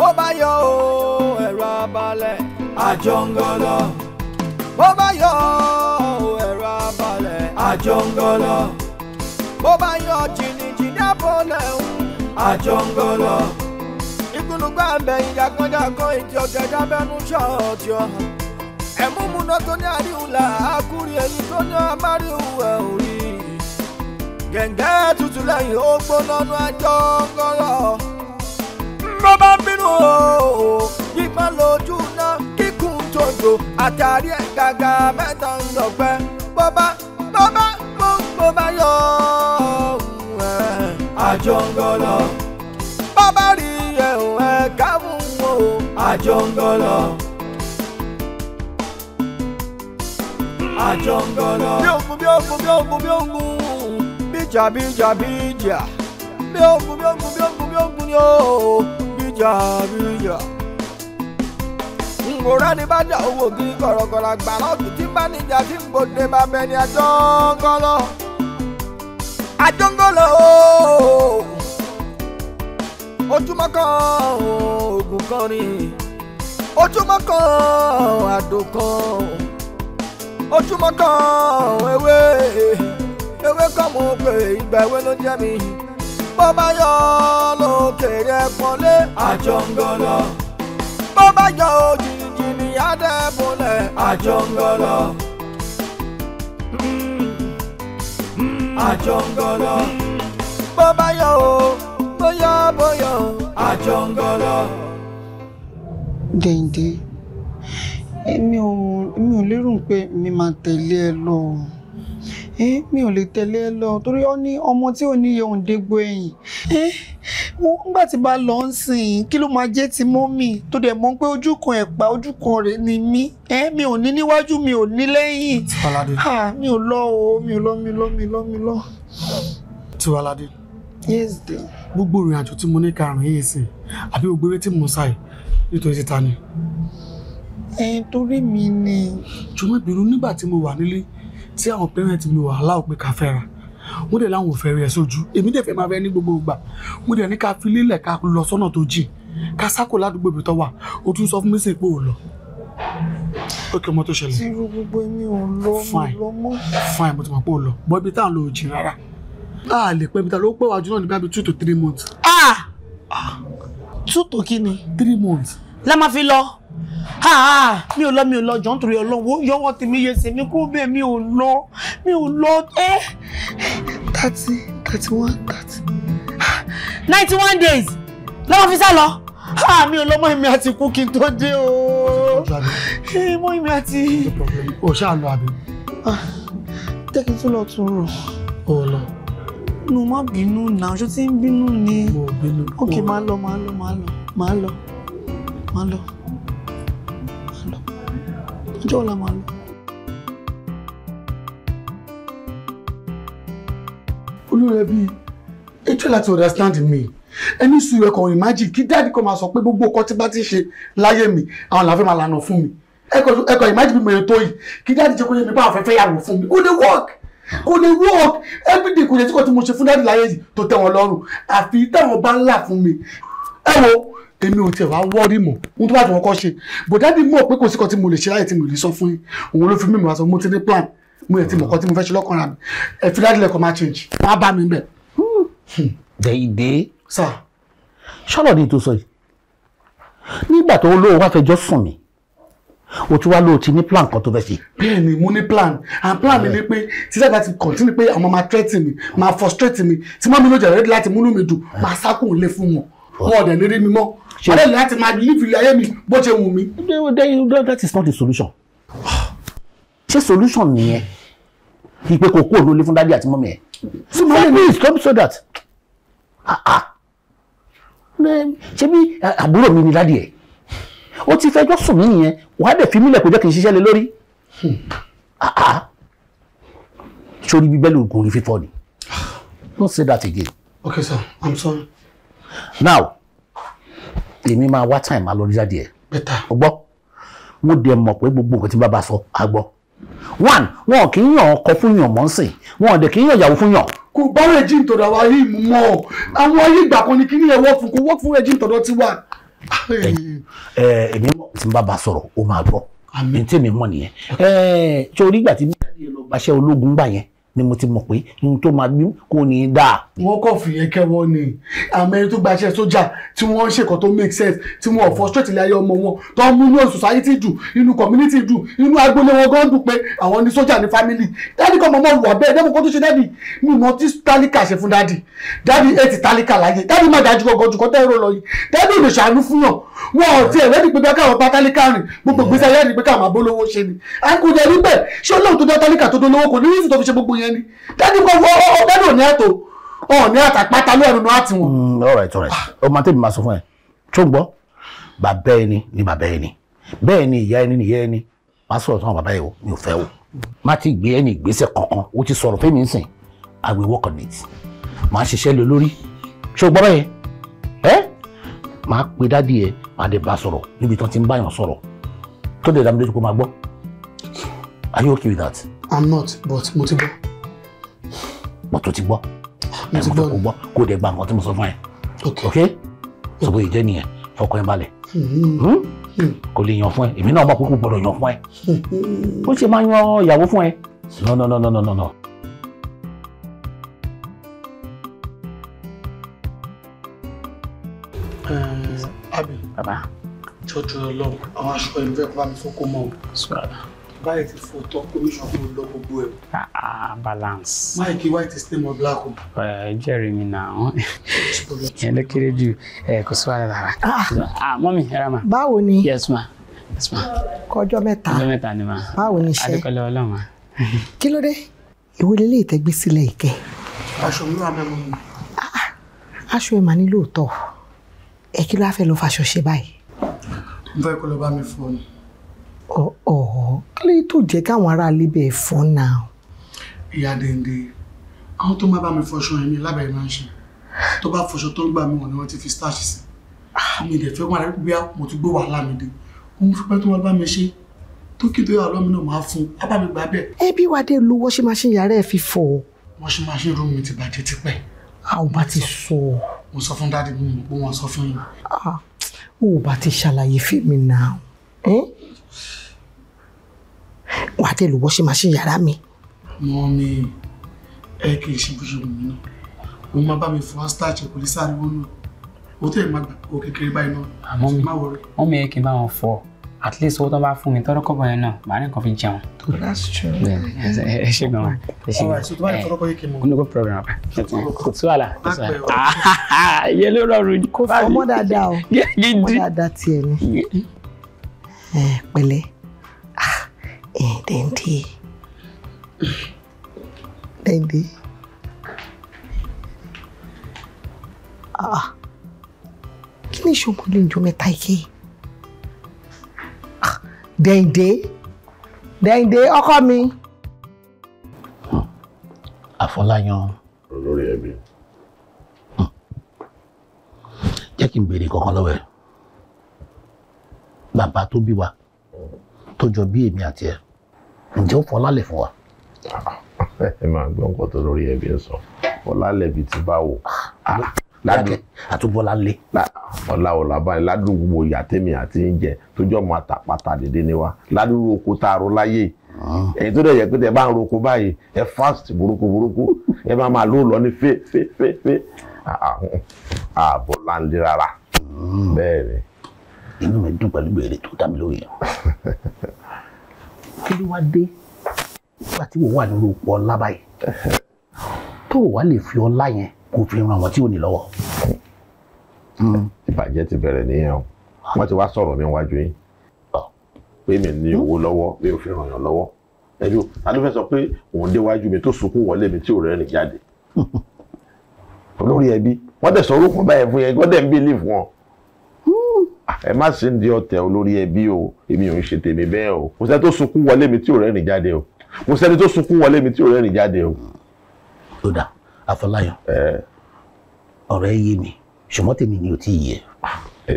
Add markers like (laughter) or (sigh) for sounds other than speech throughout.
bó bá yọ o ẹ̀rọ abalẹ̀. àjọngọlọ. bó bá yọ o ẹ̀rọ abalẹ̀. àjọngọlọ. bó bá yọ jìnnìjìnnì àbọ̀lẹ̀ ń. àjọngọlọ. ìgbìlùgbà ẹ̀mẹ̀ ìjàgbọ́njàgbọ́n ìdí ọ̀gẹ̀dẹ̀ abẹ́nú ṣọ́ọ̀tì ọ̀hún. ẹ̀múmúná tó ní àríwúlà àkúrí ẹ̀yìn tó ní amáríwú ẹ̀ òrí. gẹ̀ǹgẹ́ tutù lẹ́yìn ó gbóná nú àjọngọlọ. bó bá b lọ́rùn o yípa lójú náà kíkún tòjò àtàrí ẹ̀ gàgà mẹ́ta ń lọ́pẹ́ bọ́bá bọ́bá gbogbo bá yọ àjọngọlọ. bọ́bá rí ẹ̀hún ẹ̀ káwọn wò ó àjọngọlọ. àjọngọlọ. bí ògùn bí ògùn bí ògùn bí ògùn bíjà bíjà bíjà bí ògùn bí ògùn bí ògùn bí ògùn ni ó níjà mi yà. n kò rẹ́ni bá jà owó kí kọ̀rọ̀kọ̀rọ̀ àgbà lọ́ọ̀kì tí bá níjà tí n kò dé bá bẹ ní àjọngọ́lọ́. àjọngọ́lọ́ ojúmọ́ kan oògùn kan ni ojúmọ́ kan àdó kan ojúmọ́ kan ewé ewé kan mo pè ìgbà ewé ló jẹ́ mi bó bá yọ lókèrè pọ́nlé àjọngọlọ. bó bá yọ òjijì ní adébólẹ̀ àjọngọlọ. Mm-hmm. àjọngọlọ. bó bá yọ o bóyá bóyá o àjọngọlọ. dèndé èmi ò lérò pé mi máa tẹ̀lé ẹ lọ. Eh, mi ò lè tẹ̀lé ẹ lọ torí ó ní ọmọ tí ò ní yẹun dégbò ẹ̀yìn nígbà tí bá lọ ń sìn kí ló máa jẹ́ ti mọ́ mi tó dẹ̀ mọ́ pé ojú kan ẹ̀pà ojú kan rẹ̀ ni mí mi ò ní níwájú mi ò ní lẹ́yìn mi ò lọ o mi ò lọ mi lọ mi lọ mi lọ. Tiwalade. yes de. gbogbo ìrìn àjò tí mo ní karùn-ún yìí sìn àbí gbogbo eré tí mo ń sáyé nítorí títa ni. ẹ torí mi ni. jùmọ̀ ìbínú nígbà tí mo wà nílé tí àwọn parent mi wà láwọn pé ká fẹ́ra wọ́n dẹ̀ láwọn ò fẹ́ rẹ̀ sójú èmi dẹ̀ fẹ́ máa rẹ ní gbogbo ìgbà wọ́n dẹ̀ ní ká fi lélẹ̀ ká lọ sọ́nà tó jìn ká sáko ládùúgbò ibi tó wà ó tún sọ fún mi sí pé ò lọ. ó kí ọmọ tó ṣẹlẹ̀. ti ru gbogbo èmi ò lọ mọ́. fine mo ti mọ̀ pé ò bọ́ ibi tá à ń lo òjì rárá a lè pẹ́ ibi tá ló pẹ́ wájú náà ní two to three months. ah two to kí ni. three months. la máa fi lọ mi ò lọ mi ò lọ jọ nítorí ọlọ́wọ́ yọwọ́ tèmi yẹ sí mi kúrò bẹ́ẹ̀ mi ò lọ mi ò lọ ẹ́ eh! thirty thirty one thirty ninety one days lọ́wọ́ fi sá lọ mi ò lọ mọ́ èmi àti ikú kí n tó dé o mọ́ èmi àti. o ṣáà lọ àbí. Ah, jẹ́ kí n tún lọ tún rò. o lọ. nu má bínú náà ṣó ti ń bínú ni. mo bínú. ok máa lọ máa lọ máa lọ máa lọ máa lọ. Yo la mano. Olúrẹ̀bí, try láti understand me. Any sùúrù ẹ̀kọ́ imagine kí dáàdì kan máa sọ pé gbogbo ọkọ tí bá ti ṣe láyé mi, àwọn làwọn fẹ́ máa lànà fún mi. Ẹ̀kọ́ imagine bí mo yẹ tó yìí, kí dáàdì jẹ́ kó yẹ mi bá àfẹ́fẹ́ yàwó fún mi. Ó lè work kò lè work everyday kò lè tí kò tí mo ṣe fún dáàdì láyé yìí tó tẹ́ wọn lọ́rùn àfi táwọn bá ń là mi. Ẹ èmi ò tiẹ̀ wá wọ́ọ̀rì mọ̀ ohun tó bá jọ kọ́kọ́ ṣe bòdádì mọ̀ pé kò sí kan tí mo lè ṣe láyé tí mo lè sọ fún yín òun ló fi mímu wá sọ mo ti ní plan mo yẹ ti mọ̀ kọ́ tí mo fẹ́ ṣe lọ́kànra mi ẹ fi ládìlẹ̀ kan máa change má bá mi bẹ̀. dèidè ṣọlọ ni tó sọ yìí nígbà tó lóun wá fẹjọ́ sùn mí o tún wá lóò ti ní plan kan tó fẹ́ ṣe. bẹ́ẹ̀ni mo ní plan and plan mi ni pé tí sábà ti continue pé àwọn máa threaten mi máa frustrate mi tí mọ́mi ló jẹ̀rẹ̀ láti múnú mi dùn máa sá kúrò lé fún wọn wọn ọ̀dẹ̀ lérí mi mọ́ ọ̀dẹ̀ láti máa lífi ilé ayé mi bó ṣe wù mí. that is not the solution ṣé solution nìyẹn ìpè kò kú òdòlé fún dádì àti mọ́mí ẹ̀ so please come so that ah, ah. ṣé bí àbúrò mi ni dádì ẹ̀ ó ti fẹjọ́ sùn mí nìyẹn wàá dẹ̀ fi mílẹ̀ kó jẹ́ kí n ṣiṣẹ́ lé lórí sórí ah, bíbélì oògùn orí fífọ́ ni don't say that again. okay sir i'm sorry now èmi máa wá time máa lọ rí jáde ẹ̀ o gbọ́ mo dẹ̀ mọ̀ pé gbogbo nǹkan tí bàbá sọ a gbọ́ one wọn kì í yàn ọkọ fún yàn mọ́ sìn wọn dẹ̀ kì í yàn ìyàwó fún yàn. kò bá rẹ̀jìn tọ̀dọ̀ àwa yìí mú mọ́ ọ àwọn ayé ìgbà kan ni kí ni ẹ wọ́ fún kó wọ́ fún rẹ̀jìn tọ̀dọ̀ ti wà. ẹ ẹ èmi mọ̀ tí n bá ba sọ̀rọ̀ ó máa gbọ́ ní tèmi mọ̀ nìyẹn. ẹ ẹ torí ìgbà tí mi lọ gbaṣẹ́ ológun gbà ni mo ti mọ̀ pé ohun tó máa bí kò ní í dáa. wọ́n kàn fi yẹn kẹwọ́n ni àmọ́ ẹni tó gba sójà tí wọ́n ń ṣèkọ́ tó make sense tí wọ́n ọ̀fọ́ straight ilé ayé ọmọ wọn tó ń mú inú society dùn inú community dùn inú agboolé wọn gan dùn pé àwọn ni sójà ní family dáàdì kan mọ̀mọ́ wà bẹ́ẹ̀ dẹ́mu kó tó ṣe dáàdì mi mọ tí tálíkà ṣe fún dáàdì dáàdì ètì tálíkà láyé dáàdì má dájú gọ́gọ́ jù kọ́tẹ́ ẹ̀rọ lọ yìí dáàdì ò lè ṣàánú fún yàn wọn ò tiẹ̀ rẹ́ẹ̀dì pé bẹ́ẹ̀ káwọn bá tálíkà rìn gbogbo gbèsè rẹ́ẹ̀dì pé káwọn àbólówó ṣe ni. àìkú jẹ́ níbẹ̀ ṣé olóòótọ́ dá tálíkà tó dolówó kò ní yẹn ni dájú kò fọ ọgbẹ́ ní òní ẹ̀tọ́ ọ̀ní àtàpátá ló ẹnu láti wọn. ọ̀rọ̀ ẹ̀tọ́ rẹ̀ ọmọ tèmi máa sọ fún ẹ tó ń gbọ́ bàbá ẹni ni bàbá ẹni bẹ́ẹ̀ ni ìyá ẹni ni ìyá ẹni má sọ̀rọ̀ tán bàbá yìí o mi ò fẹ́ o má ti gbé ẹni ìgbésẹ̀ kankan o ti sọ̀rọ̀ fẹ́mi nsìn I will work on it máa ṣiṣẹ́ lé lórí ṣé o gbọ́ bẹ́ẹ̀ ẹ́ máa pe dádì ẹ máa dé bá sọ̀rọ̀ níbi tán ti ń báyàn sọ̀rọ̀ tó dẹ̀ dá lójú pé máa gbọ́ are you okay with that. I'm not but mo ti gbọ́ but o ti gbọ́ kó gbọ́ gba nǹkan tí mo sọ fún ẹ ok sọ bóyá ìjẹ́ nìyẹn fọkàn ẹ balẹ̀ hmm. Hmm? Hmm. kò lè yàn fún ẹ èmi náà mọ̀ pé kò gbọ́dọ̀ fún ẹ ó ṣe máa yan ìyàwó fún ẹ no no no no no eh, Abi. Baba. Jọjọ Ọlọ́run, àwọn aṣọ ìlú ẹ̀ bá mi fọ́kọ́ mọ́ o báyìí ti fò tán commission kò lọ gbogbo ẹ. ah balance. máìkì white is still my black eh, o. (laughs) ẹ jẹ́rìí mi náà ìyẹn ló kéré jù ẹ eh, kò sí wàhálà rárá. ah, ah mọ́mí ẹ rà mà. báwo ni. yes ma yes ma. kọjọ mẹ́ta. kọjọ mẹ́ta ni ma. báwo ni iṣẹ́. adékọlẹ ọlọ́run. kí ló dé ìwé lélẹ ìtẹgbẹ sílẹ̀ ìkẹ. aṣọ mi wà mẹ́mọ́ mi. Ah, ah. aṣọ ẹ̀ mà ní lóòótọ́ ẹ kí ló wá fẹ́ lọ fàṣọ ṣe báyìí. n fẹ́ kó lọ bá mi fọ ni kí ló tó jẹ́ káwọn aráalé bẹ́ẹ̀ fọ́ náà. ìyá dèndé àwọn tó máa bá mi fọṣọ ẹ̀mí lábẹ́ ìmọ̀ ṣe tó bá fọṣọ tó ń gbà mí wọ̀n ni wọ́n ti fi starch sí mi dẹ̀ fẹ́ wọn bí mo ti gbé wàhálà mi dé òun fipẹ́ tó wọn bá mi ṣe tó kí tó yà ọlọ́mi náà máa fún bá mi gbà bẹ́ẹ̀. ẹ bí wàá dé lu wọ́ṣí machine yàrá ẹ̀ fi fọ̀. wọ́ṣí machine room mi ti bàjẹ́ tipẹ́. a ò bá ti sọ. mo sọ fún dáàdi mi mo pé wọ́n sọ fún yín. Ah, o ò bá ti ṣàlàyé fíìmù náà. Eh? wàá dẹ̀ lò washing machine yàrá mi. mọ́mì ẹ kì í ṣe bó ṣe wù mí náà òun máa bá mi fọ starch kò ní sáré wọn náà ó tẹ̀ máa gbà kó kékeré báyìí náà. àmọ́ ah, mi wọ́n mi yẹ kí n bá wọn fọ at least owó tó bá fún mi tọ́rọ́ kọ́bọ̀ yẹn náà màá ní nǹkan fi jẹun. that's true. ẹ ṣe gan wa ẹ ṣe gan wa ẹ no go problem apa kò tú àlà kò tú àlà yẹ ló rọrùn ní. kò fọ ọmọ dáadáa o ọmọ dáadáa tiẹ̀ ni pẹ̀lẹ́. Eh, Dendi. Dendi. Ah, kini ni ìṣòro ló ń jọ mẹ́ta ike? Ah, Dèndé, Dèndé, ọkọ mi. Àfọláyàn. Olórí ẹbí. Jẹ́ kí n béèrè kankan lọ́wọ́ ẹ̀. Bàbá tó wa tó jọ bí èmi àti ẹ ǹjẹ́ ó fọlálẹ̀ fún wa. ẹ máa gbọ́ nǹkan tó lórí ẹbí ẹ sọ fọlálẹ̀ bíi ti báwo. lákẹ́ ah, ah, àtúbọ̀lálẹ̀. ọ̀làwọ̀là báyìí ládùúgbò yàtẹ̀mí àti oúnjẹ tó jọ máa tà dédé ni wa ládùúgbò kó tá a ro láyé èyí ah. tó dẹ̀ yẹ pé tẹ bá ń roko báyìí ẹ fast burúkú burúkú ẹ máa máa ló lọ ní fe fe. fè fè àbọ̀ láńlé rárá hmm. bẹ́ẹ̀ ni inú mi dùn pẹ̀lú gbèrè tó dá mi lórí yẹn kí ló wá dé nígbà tí wọ́n wà nínú ipò ọlá báyìí tó o wá lè fi ọlá yẹn kó fi ran àwọn tí ò ní lọ́wọ́. Hmm, ìbàjẹ́ ti bẹ̀rẹ̀ nìyẹn o wọ́n ti wá sọ̀rọ̀ mi wájú yín ah. pé mi ní owó hmm. lọ́wọ́ mi ò fi ràn yàn lọ́wọ́ ẹ̀jú ta ló fẹ́ sọ pé òun déwájú mi tó sunkún wọlé mi tí ò rẹ́rìn jáde (laughs) olórí ẹbí wọ́n tẹ̀ orúkọ báyẹn fún yẹn wọ́n ń bí lífù wọn ẹ má ṣe ń di ọ̀tẹ̀ olórí ẹbí o èmi ò ń ṣe tèmi bẹ́ẹ̀ o kò sẹ́ni tó sunkún wọlé mi tí ò rẹ́rìn jáde o kò sẹ́ni tó sunkún wọlé mi tí ò rẹ́rìn jáde o. tó dà Afọláyàn ọ̀rọ̀ ẹ yé mi ṣùgbọ́n tèmi ni ò tí ì yé.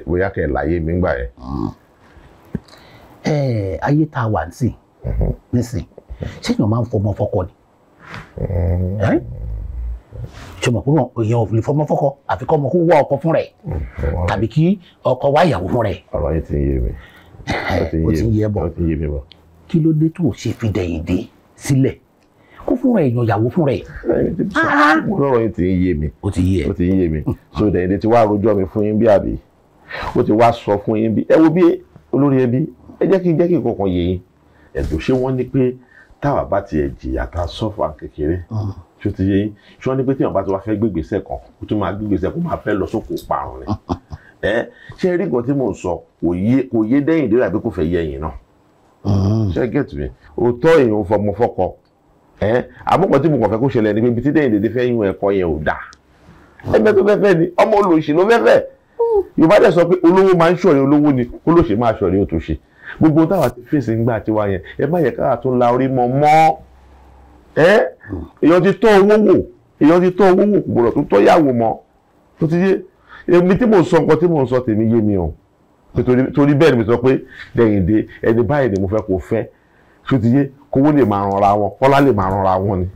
bóyá kẹ́ láyé mi gbà yẹn. Mm. ẹ ayé tá a wà nísìn mm-hmm. nísìn ṣé èèyàn máa ń fọmọ fọkọ ni. Mm-hmm ṣọmọ pé wọn èèyàn ò lè fọmọ fọkọ àfi kọ́ ọmọ kó wá ọkọ fún rẹ̀ mm, tàbí kí ọkọ wá ìyàwó fún rẹ̀. ọ̀rọ̀ yìí ti yé mi (laughs) ó ti yé bọ̀ kí ló dé tó o ṣe fi dẹ̀yìn dé sílẹ̀ kó fún èèyàn ìyàwó fún rẹ̀. Ah! ọ̀rọ̀ yìí ti yé mi ó ti yé mi mm. so dẹ̀yìn dé ti wá rojọ́ mi fún yín bí àbí ó ti wá sọ fún yín bí ẹ wo bí olórí ẹbí ẹ jẹ́ kí jẹ́ kí nǹkan kan yé yín ẹ̀dùn ṣé wọ́n ní pé táwa bá tiẹ̀ jìyà ta sọ́fà kékeré. Mm tí o ti yé yín ṣé wọ́n ní pé tí wọ́n bá ti wá fẹ́ gbégbèsè kan o tó máa gbégbèsè kó máa fẹ́ lọ sóko parun ni (laughs) ẹ ṣé rí nǹkan tí mò ń sọ kò yé dẹ́yìn dé àbí kò fẹ́ yé ẹ̀yìn náà mm. ṣé gẹ̀tù mi òótọ́ èèyàn o fọmọ fọkọ ẹ àmọ́kàn tí mo kàn fẹ́ kó ṣẹlẹ̀ ni pé ibi tí dẹ́yìn dédé fẹ́ yún ẹ̀kọ́ yẹn ò dáa ẹgbẹ́ tó fẹ́ fẹ́ ni ọmọ olóṣì ló fẹ́ fẹ́ yorùbá dẹ̀ sọ pé olówó máa ń ṣọ̀rẹ́ olówó ni olóṣì máa ṣọ̀rẹ́ òtòṣì gbogbo táwa ti fèsì ńgbà tiwa yẹn ẹ má yẹ káà tún la orí mọ́ mọ́ ẹ èèyàn ti tọ́ owó wò èèyàn ti tọ́ owó wò kò gbọdọ̀ tó tọ́ yàwó mọ́ tó ti yé èmi tí mò sọ nǹkan tí mò sọ tèmi yé mi o torí bẹ́ẹ̀ ni mo sọ pé dẹ̀yìndé ẹni báyìí ni mo fẹ́ kó fẹ́ tó ti yé kówó lè máa ranra wọn kọ́lá lè máa ranra wọn ni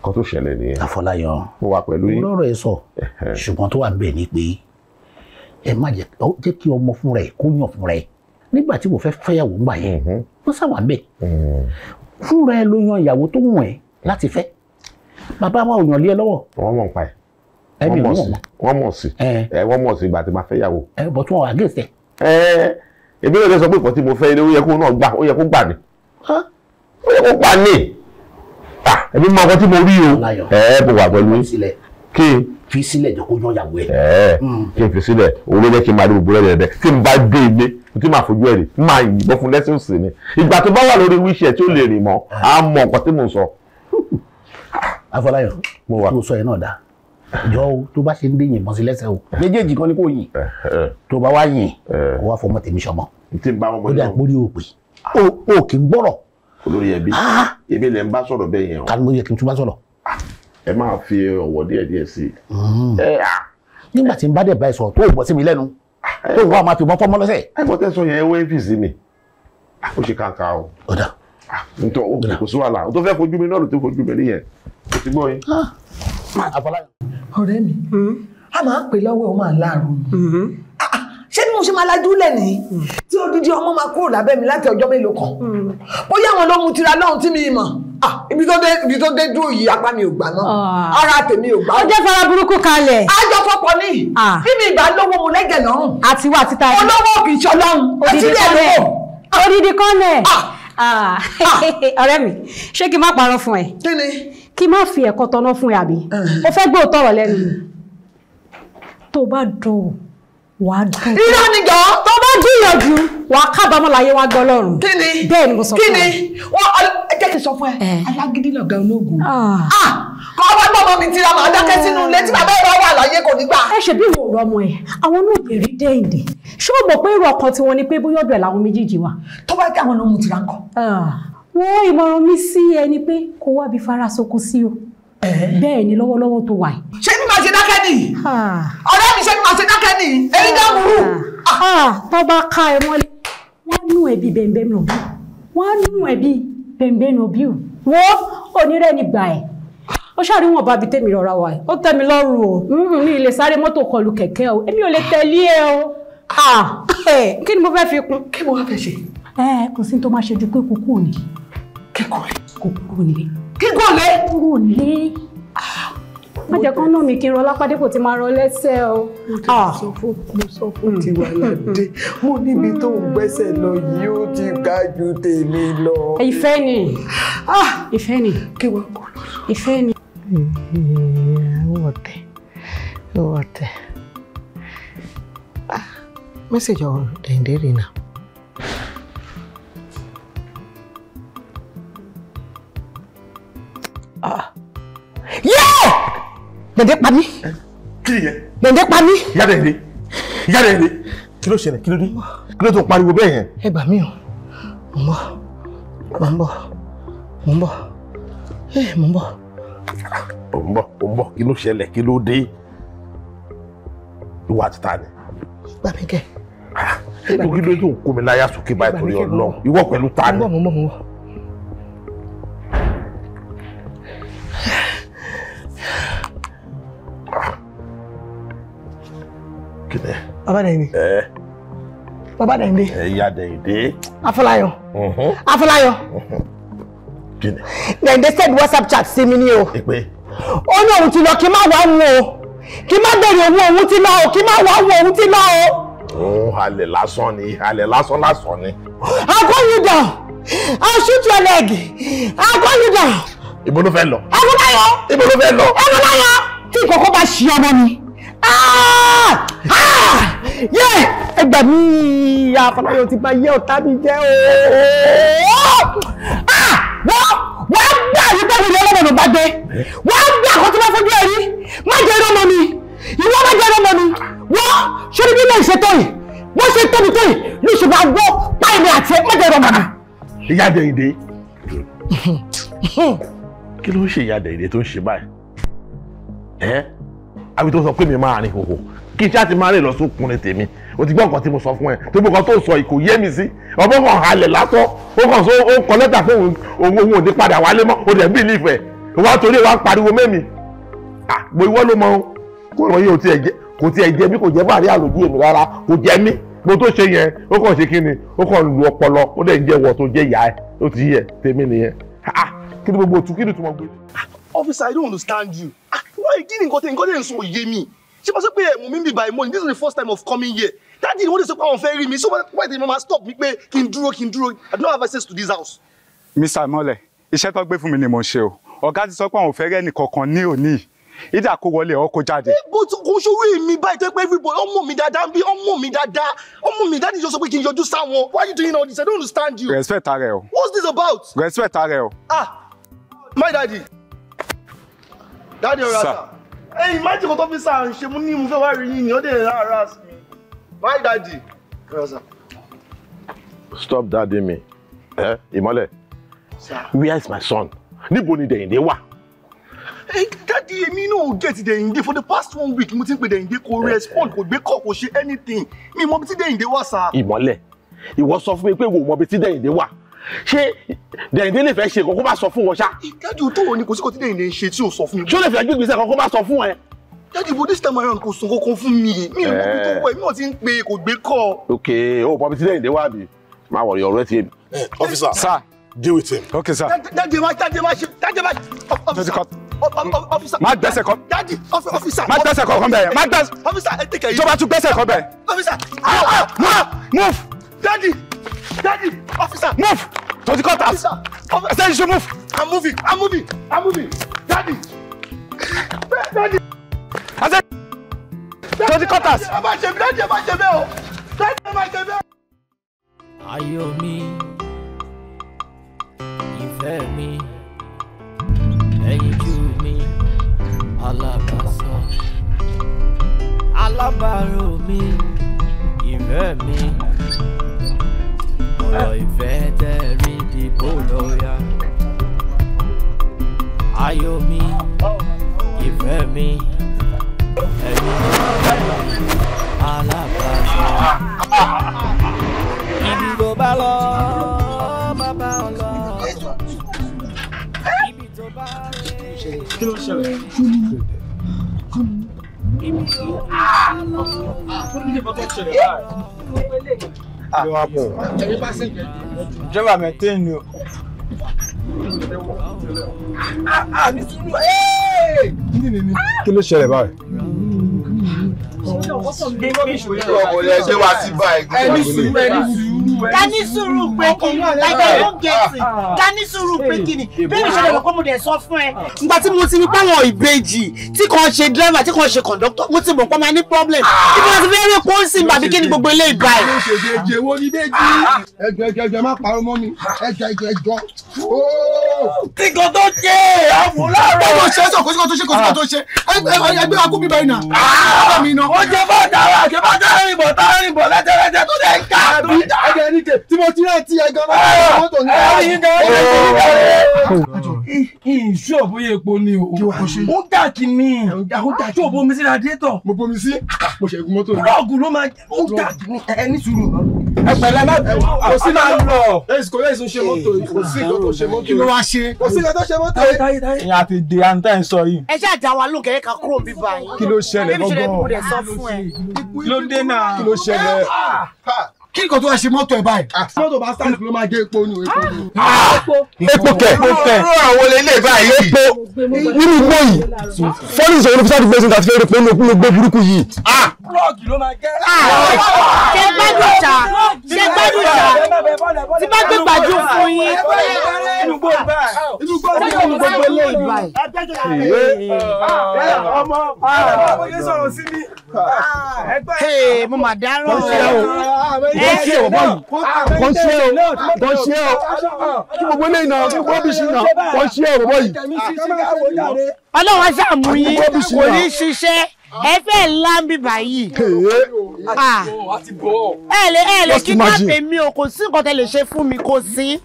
nǹkan tó ṣẹlẹ̀ nìyẹn. Afọláyan mo wà pẹ̀lú yín lọ́rọ̀ ẹ sọ ṣùgbọ́n tó wà ń bẹ̀ ni pé ẹ má jẹ́ kí ọmọ fúnra ẹ kó yàn fúnra ẹ nígbà tí mo fẹ́ fẹ́yàwó ńgbà yẹn wọ́n sáwà ń bẹ̀ fúnra ẹ ló yan ìyàwó tó wùn ẹ́ láti fẹ́ bàbá wa ò yàn lé ẹ lọ́wọ́. wọ́n mọ̀ pa ẹ̀ ẹ̀mí wọ́n mọ̀ wọ́n mọ̀ sí ẹ wọ́n mọ̀ sí ìgbà tí máa fẹ́ yàwó. ẹ bọ̀ tí wọ́n wà gé ìfẹ́. ẹ èmi náà lè sọ pé ìpọ̀ tí mo fẹ́ ó yẹ kó náà gbà ó yẹ kó gbà ní. ó yẹ kó gbà ní. ẹ̀mí mọ ọkọ tí mo rí o ẹ bò wà pẹ̀lú kí n fi sílẹ̀ jẹ́ kó yan ìyàwó ẹ̀. Hmm. kí n fi sílẹ̀ òun ló jẹ́ kí n máa dé gbogbo rẹ̀ rẹ̀ kí n bá dé ilé e tí màá fojú ẹ̀ rí máa yìnbọn fún lẹ́sìn sí ni ìgbà tó bá wà lórí wíṣẹ̀ tí ó lè rìn mọ́ á mọ nǹkan tí mò ń sọ. Afọláyọ̀ mo wà tó sọ yẹn náà dá jọ o tó bá ṣe ń dé yìnbọn sí lẹ́sẹ̀ o méjèèjì kan ni kò yìn eh, eh. tó bá wá yìn eh. kó wá fọmọ tèmi sọmọ ó dà gbórí òpè o kì í gbọ́rọ̀. olórí ẹbí ẹbí ah, ah. lẹ ń bá sọ̀rọ̀ bẹ́ẹ̀ yẹn o. kálí ló yẹ kí n tún bá ẹ máa fi ọ̀wọ̀ díẹ̀díẹ̀ sí i. Mm-hmm. Ah. nígbà tí n bá dẹ̀ bá ẹ sọ̀rọ̀ tó o gbọ́ sí mi lẹ́nu tó ìwọ àwọn àfihàn fọmọ lọ́sẹ̀. ẹ̀gbọ́n tẹ̀sán yẹn ewé apc ni ah, ó ṣe kàǹkà o. ó dà ah, ntọ́ kò sí wàhálà tó fẹ́ fojú mi náà ló tó fojú mi nìyẹn kò sí gbọ́ yín. Ah. ọ̀rẹ́ mi hmm? a máa ń pè lọ́wọ́ ọ máa láàárọ̀ ṣé bí mo ṣe máa lajú lẹ̀ ní tí odidi ọmọ máa kúrò lábẹ́ mi láti ọjọ́ mélòó kan hmm. bóyá àwọn ló mu tira lọ́hùn tí mi mọ̀ ibi tó dé ibi tó dé dúró yìí apá mi ò gbà náà ah. ara tèmi ò gbà. ó jẹ́ fara burúkú kalẹ̀. ájọ fọpọ ní ah. bí mi ìgbà lówó mu lẹ́gẹ̀ lọ́rùn. àtiwọ́ àti tayé. olówó kì í ṣọlọ́run àti ilé ẹ̀ lówó. Ah. odidi kọ́lẹ̀ (laughs) ọ̀rẹ́ mi ṣé kí n má parọ́ fún ẹ. kí kí n má fi ẹ̀kọ́ tọ́ná fún ẹ àbí. Eh. o fẹ́ gbóòtọ̀ ọ̀rọ̀ lẹ́nu. Eh. tó o bá dùn wà á dùn. irọ́ ni jọ. tó bá gbìyànjú wà á kábàámọ̀ láyé wá gbọ́ lọ́rùn. kí ni bẹ́ẹ̀ ni mo sọ fún ẹ. kí ni wọ́n jẹ́ kí n sọ fún ẹ alágídí lọ̀gá ológun. Ah. Ah, kọ́ ọba gbọ́ ọmọ mi tira màá dákẹ́ sínú ilé tí bàbá ìwà wà láyé kò ní gbà. ẹ ṣe bí ìwọ ọmọ ẹ àwọn náà bèrè dẹ́yìndé ṣé o mọ̀ pé èrò ọkàn tiwọn ni pé bóyá ọ̀dọ̀ ẹ̀ làwọn méjèèjì wà. tó bá jẹ́ nìyí ah. ọ̀rẹ́ mi ṣe ni màá ṣe dákẹ́ nìyí èyí dá burú. Ah. Ah, tó bá ká ẹ wọ́n lé wọ́n nù ẹ̀bí bẹ̀m̀bẹ̀ nù wọ́n nù ẹ̀bí bẹ̀m̀bẹ̀ nù bí wo onírẹ́ ni gbà ẹ̀ ó ṣàrí wọn bá bi tèmi rọra wà ó tẹ́ mi o mi lè sáré mọ́tò kọlù kẹ̀kẹ́ o èmi ò lè tẹ̀lé ẹ o kí ni mo fẹ́ fi kún. kí ni mo fẹ́ ṣe. ẹ kò sí ní tó máa ṣe ju pé kúkú ò ní. kíkọ́ lé. kúkú ò ní. kíkọ́ lé. kúkú ò ní má jẹ́ kán náà mi kí n rọ lápàdé kò ti máa rọ lẹ́sẹ̀ o. Ah! mo sọ fún tiwa ládé mo níbi tó ń gbẹ́sẹ̀ lọ yìí ó ti ga ju tèmi lọ. ìfẹ́ ni ah! ìfẹ́ ni ìfẹ́ ni. ọ̀tẹ̀ ọ̀tẹ̀ ah! mẹ́sẹ̀jì ọ̀hún dẹ̀ǹdẹ̀ rìn náà. Ah. Yeah! Bẹ̀dẹ̀ pa mí. Kí ni yẹn? Bẹ̀dẹ̀ pa mí. Ìyá Bẹ̀dẹ̀, ìyá Bẹ̀dẹ̀, kí ló ṣẹlẹ̀? Kí ló dé? Kí ló tó ń pariwo bẹ́ẹ̀ yẹn? Ẹ gbà mí o, mò ń bọ̀, mò ń bọ̀, mò ń bọ̀, ẹ mò ń bọ̀. Ò ń bọ̀, ò ń bọ̀, kí ló ṣẹlẹ̀? Kí ló dé? Ìwà àti ta Gbà mí kẹ́. Ah, kí ló dé tó ń kó mi láyà sókè báyìí torí Ọlọ́run? Ìwọ pẹ̀lú ta Mò ń bọ̀, mò ń bọ̀, mò ń bọ̀. kìnìún. bàbá dẹ̀yìndé. ẹ bàbá dẹ̀yìndé. ẹ̀yà dẹ̀yìndé. afọláyọ. afọláyọ. kìnìún. dẹ̀yìndé send whatsapp chat sí mi ní o. ìpè. ó ní òun ti lọ kí n má wá wù o kí n má bẹ̀rẹ̀ owó òun ti lọ o kí n má wá wù òun ti lọ o. òun halẹ̀ lásán ni halẹ̀ lásán lásán ni. I'll gun you down I'll shoot your leg I'll gun you down. ibo ló fẹ́ lọ. afọláyọ. ibo ló fẹ́ lọ. afọláyọ tí kòkó bá ṣí ọmọ mi. Ah! Ah! yẹ ẹgbà mi àfọláyọ ti bá yẹ ọ̀tá mi jẹ́ ooo wọ́n wọ́n gbà wípé mi ni ọlọ́mọ mi bá dé wọ́n gbà kó tí wọ́n fojú ẹ rí má jẹ́ irọ́ ọmọ mi ìwọ má jẹ́ irọ́ ọmọ mi wọ́n ṣé bí mo ṣe tó yìí wọ́n ṣe tóbi tó yìí ló ṣe máa gbọ́ páìlì àti ẹ má jẹ́ irọ́ ọmọ mi. ìyá dẹ̀yìndé (laughs) kí ló ń ṣe ìyá dẹ̀yìndé tó ń ṣe báyìí àbí tó sọ pé mi máa rìn hòhò kí iṣẹ́ àti máa rìn lọ sókun ni tèmi o ti gbọ́ nǹkan tí mo sọ fún ẹ tó gbọ́ tó sọ kò yé mi sí ọmọ kan halẹ̀ látọ́ ó kàn so ó kọ lẹ́tà fún òun òun òde padà wálé mọ́ o dẹ̀ bí ìlú ìfẹ́ wa torí wa pariwo mẹ́mi àgbo ìwọ ló mọ ohun kó ìrọ̀ yìí kò tiẹ̀ jẹ mí kò jẹ́ bàárẹ̀ àlòjù èmi rárá kò jẹ mí mo tó ṣe yẹn ó kàn ṣe kí ni ó kàn lu ọpọlọ ó dẹ̀ ń jẹ́ wọ̀ tó jẹ́ ìyá ẹ ó ti yẹ tèmi nìyẹn kí ni gbogbo òtún kí ni tún mọ gbé. Officer, I don't understand you why kí ni nǹkan tẹ nǹkan tẹ ń sọ òye mi ṣé wọ́n sọ pé ẹ̀mú mi ń by morning this is the first time of coming here That day wọ́n lè sọ pé àwọn fẹ́ rí mi so why the mama stop mi pé kí n dúró kí n dúró i don't have access to this house. mr mole iṣẹ́ tó gbé fún mi ni mò ń ṣe o ọ̀gá ti sọ pé àwọn ò fẹ́ rẹ́ nìkankan ní òní ìdá kó wọlé ọkọ jáde. Eh, bó ti kò ṣòwò mi báyìí tó pé everybody ọmọ mi dáadáa ń bí ọmọ mi dáadáa ọmọ mi dáadáa sọ pé kí n yọjú sáwọn why you doing all this i don't understand you. respect ara ẹ o. what's this about. respect ara o. ah my daddy dáàdi ọ̀rọ̀ àṣà ẹ̀yìn májì kò tó fi sáà ń ṣe mú ní mo fẹ́ wá rí yín ni ó dé ara mi máì dáàdi ọ̀rọ̀ àṣà. stop dáàdi mi ẹ ìmọ́lẹ̀ where is my son níbo ni dẹ̀yìndé wà. dáàdi èmi náà ò gẹ̀ẹ́tì dẹ̀yìndé for the past one week mo ti ń pe dẹ̀yìndé kò eh, respond eh. kò gbé kọ̀ kò ṣe anything mi mọ bí ti dẹ̀yìndé wà sá. ìmọ́lẹ̀ ìwọ sọ fún mi pé wò mọ bí ti dẹ̀yìndé wà ṣé dẹ̀yìndé lè fẹ́ ṣe kó kó bá sọ fún wọn ṣá. dájú tó ni kò sí kò tí dẹ̀yìndé ṣe tí ò sọ fún mi. ṣó lè fẹ́ gbégbé sẹ́kọ̀ọ́ kó bá sọ fún ẹ. dájú bó this time around kò sọ kankan fún mi mi ò mọ tó wọ eh. mi ò ti ń pe kò gbé kọ. ok o mọ bí tí dẹ̀yìndé wà bí má wọ̀ ọ̀rọ̀ ẹ ti yé mi. Eh, officer sir deal with him. ok sir. dájú ma dájú ma ṣe dájú ma ṣe ọfisa. má gbẹ́sẹ̀ kọ. dadi ọfisa. má gbẹ́sẹ̀ kọ kọ bẹ́ẹ̀. má gbẹ́sẹ̀. ọfisa ẹ tẹ̀kẹ̀ yìí. tó bá tún gbẹ́sẹ̀ kọ bẹ́ẹ̀. Ah, ah, move move. Daddy! Officer! Move! To the quarters! Officer! I said you should move! I'm moving! I'm moving! I'm moving! Daddy! Daddy! I said to the quarters! Daddy, ẹ má ṣe bẹ́ẹ̀ o! Daddy, ẹ má ṣe bẹ́ẹ̀! Ayọ̀ mi, ìfẹ́ mi, ẹyinjú mi, alábàásọ, alábàárò mi, ìfẹ́ mi ọ̀rọ̀ ìfẹ́ tẹ́ rí dìbò lọ́yà. Ayọ̀ mi, ìfẹ́ mi, ẹ̀mí alábàáṣọ. Ibi tó bá lọ, bàbá ọ lọ. Ibi tó bá rẹ̀. Kí ló ṣẹlẹ̀? Ibi tó bá ló ah. wá bọ̀. ìjọba maintain ni o. Ah, ah, kí ló ṣẹlẹ̀ báyìí. gbé wọ́n bí ìṣòro ọkọ̀ yẹn ṣé wá sí báyìí. ẹni sùúrù ẹni sùúrù dání sùúrù pé kìíní like i don't get it dání ah, ah. sùúrù pé kìíní bẹ́ẹ̀ ìṣẹ̀lẹ̀ lọ́kọ́ mo dẹ̀ sọ fún ẹ. Ah. ìgbà tí mo ti rí páwọn ìbejì tí kò ṣe driver tí kò ṣe conductor mo ti mọ̀ pé máa ní problem ibi wọn ti fẹ́ rí kó ń sin bàbí kí ni gbogbo ilé ìgbà ẹ̀. ṣe ṣe ṣe wo ni méjì ẹjọ́ ẹjọ́ ẹjọ́ má parọ́ mọ́ mi ẹjọ́ ẹjọ́ oh, tí kò tó ṣe àwọn láàárọ̀. bọ́ọ̀ ṣe é sọ kò sí kò tó ṣe kò sí kò tó ṣe ẹgbẹ́ wa kú bíbá iná. ó jẹ bá dára àti bá dára ìbọn tá any day tí mo ti rántí ẹ gan náà mọ́tò ní káyọ̀. Ah! Ah! Ah! ìṣó bóyá epo ni o ó dà kí ni tó bomi sí radiator. mo bomi sí mo ṣẹ́gun mọ́tò rẹ. rọ́ọ̀gù ló máa ó dà kí ni ẹ ní sùúrù. ẹ pẹ̀lẹ́ má kò sí máa lọ. kò yẹ ìsun ṣe mọ́tò kò sí nǹkan tó ṣe mọ́tò. kí ló wá ṣe. kò sí nǹkan tó ṣe mọ́tò. ìyá àti ìdè àǹtá ẹ̀ sọ yìí. ẹ ṣáà dá wa lókè ẹ ká kúrò bíbá yìí. kí ló ṣẹlẹ̀ gbọ́ngàn kí ló dé náà kí ló ṣẹlẹ̀ kí nǹkan tó wá ṣe mọ́tò ẹ̀ báyìí. Ah. mọ́tò bá sáà ló máa jẹ́ epo ni epo. Ah! epo kẹ epo ah! kẹ epo nínú igbó yìí fọ́nìṣẹ́ olùfisàdùgbẹ́sìn àti fẹ́ẹ́ rẹ̀ pé ó ló gbé burúkú yìí plọ́ọ̀gì ló máa jẹ́. Ah, ṣe gbádùn ìjà ṣe gbádùn ìjà tí bá gbé gbàdúrà fún yín. inú gbó bá inú gbó bá inú gbogbo ilé ìgbà yìí. ọmọ ọmọ yẹn ah. sọ̀rọ̀ sí mi. Ah, ee mo mà dárò. kò ṣe o kò ṣe o bọ́ọ̀lù kò ṣe o kò ṣe o kí gbogbo ilé ìnà kí gbogbo bìsì ìnà kò ṣe o bọ́ọ̀lù. ọlọ́run aṣáà mú yín kò ní ṣiṣẹ́ ẹ fẹ́ ńlá ń bíbà yìí. Ah. ẹ lè ẹ lè kidnap mi o kò sí nǹkan tẹ lè ṣe fún mi kò sí.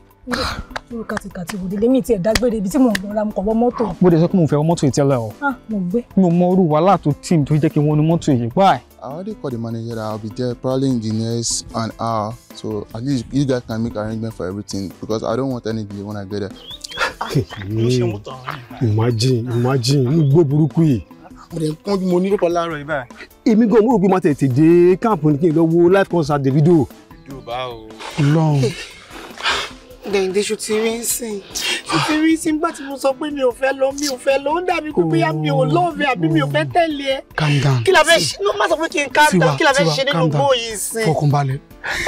irú kàtìkàtì òde lèmi tiẹ̀ dágbére ibi tí mò ń lọ ra wọ mọ́tò. mo dẹ̀ sọ pé mo fẹ́ wọ mọ́tò yìí tẹ́lẹ̀ o. Ah, mo gbé. mi ò mọ orú wàhálà tó tíìmù tó jẹ́ kí n wọnú mọ́tò yìí why. I already called the manager that I'll be there probably in the next an hour so at least you guys can make arrangement for everything because I don't want any delay when I get there. imagine imagine you go burúkú mo dẹ̀ kánjú mo ní lọ́kọ̀ láàárọ̀ yìí báyìí. èmi gan mo rò pé máa tètè dé káàpù ní kí n lọ wo live concert Davido. Davido báwo. lọ́hùn. Dẹ̀yìndé ṣu ti rí sìn ti rí sìn nígbà tí mo sọ pé mi ò fẹ́ lọ mi ò fẹ́ lọ ó dàbí pé bóyá mi ò lọ́ọ̀fẹ́ àbí mi ò fẹ́ tẹ̀lé ẹ. calm down kí la fẹ́ ṣe má sọ pé kí n calm down kí la fẹ́ ṣe nínú gbóyè sìn. fọkànbalẹ̀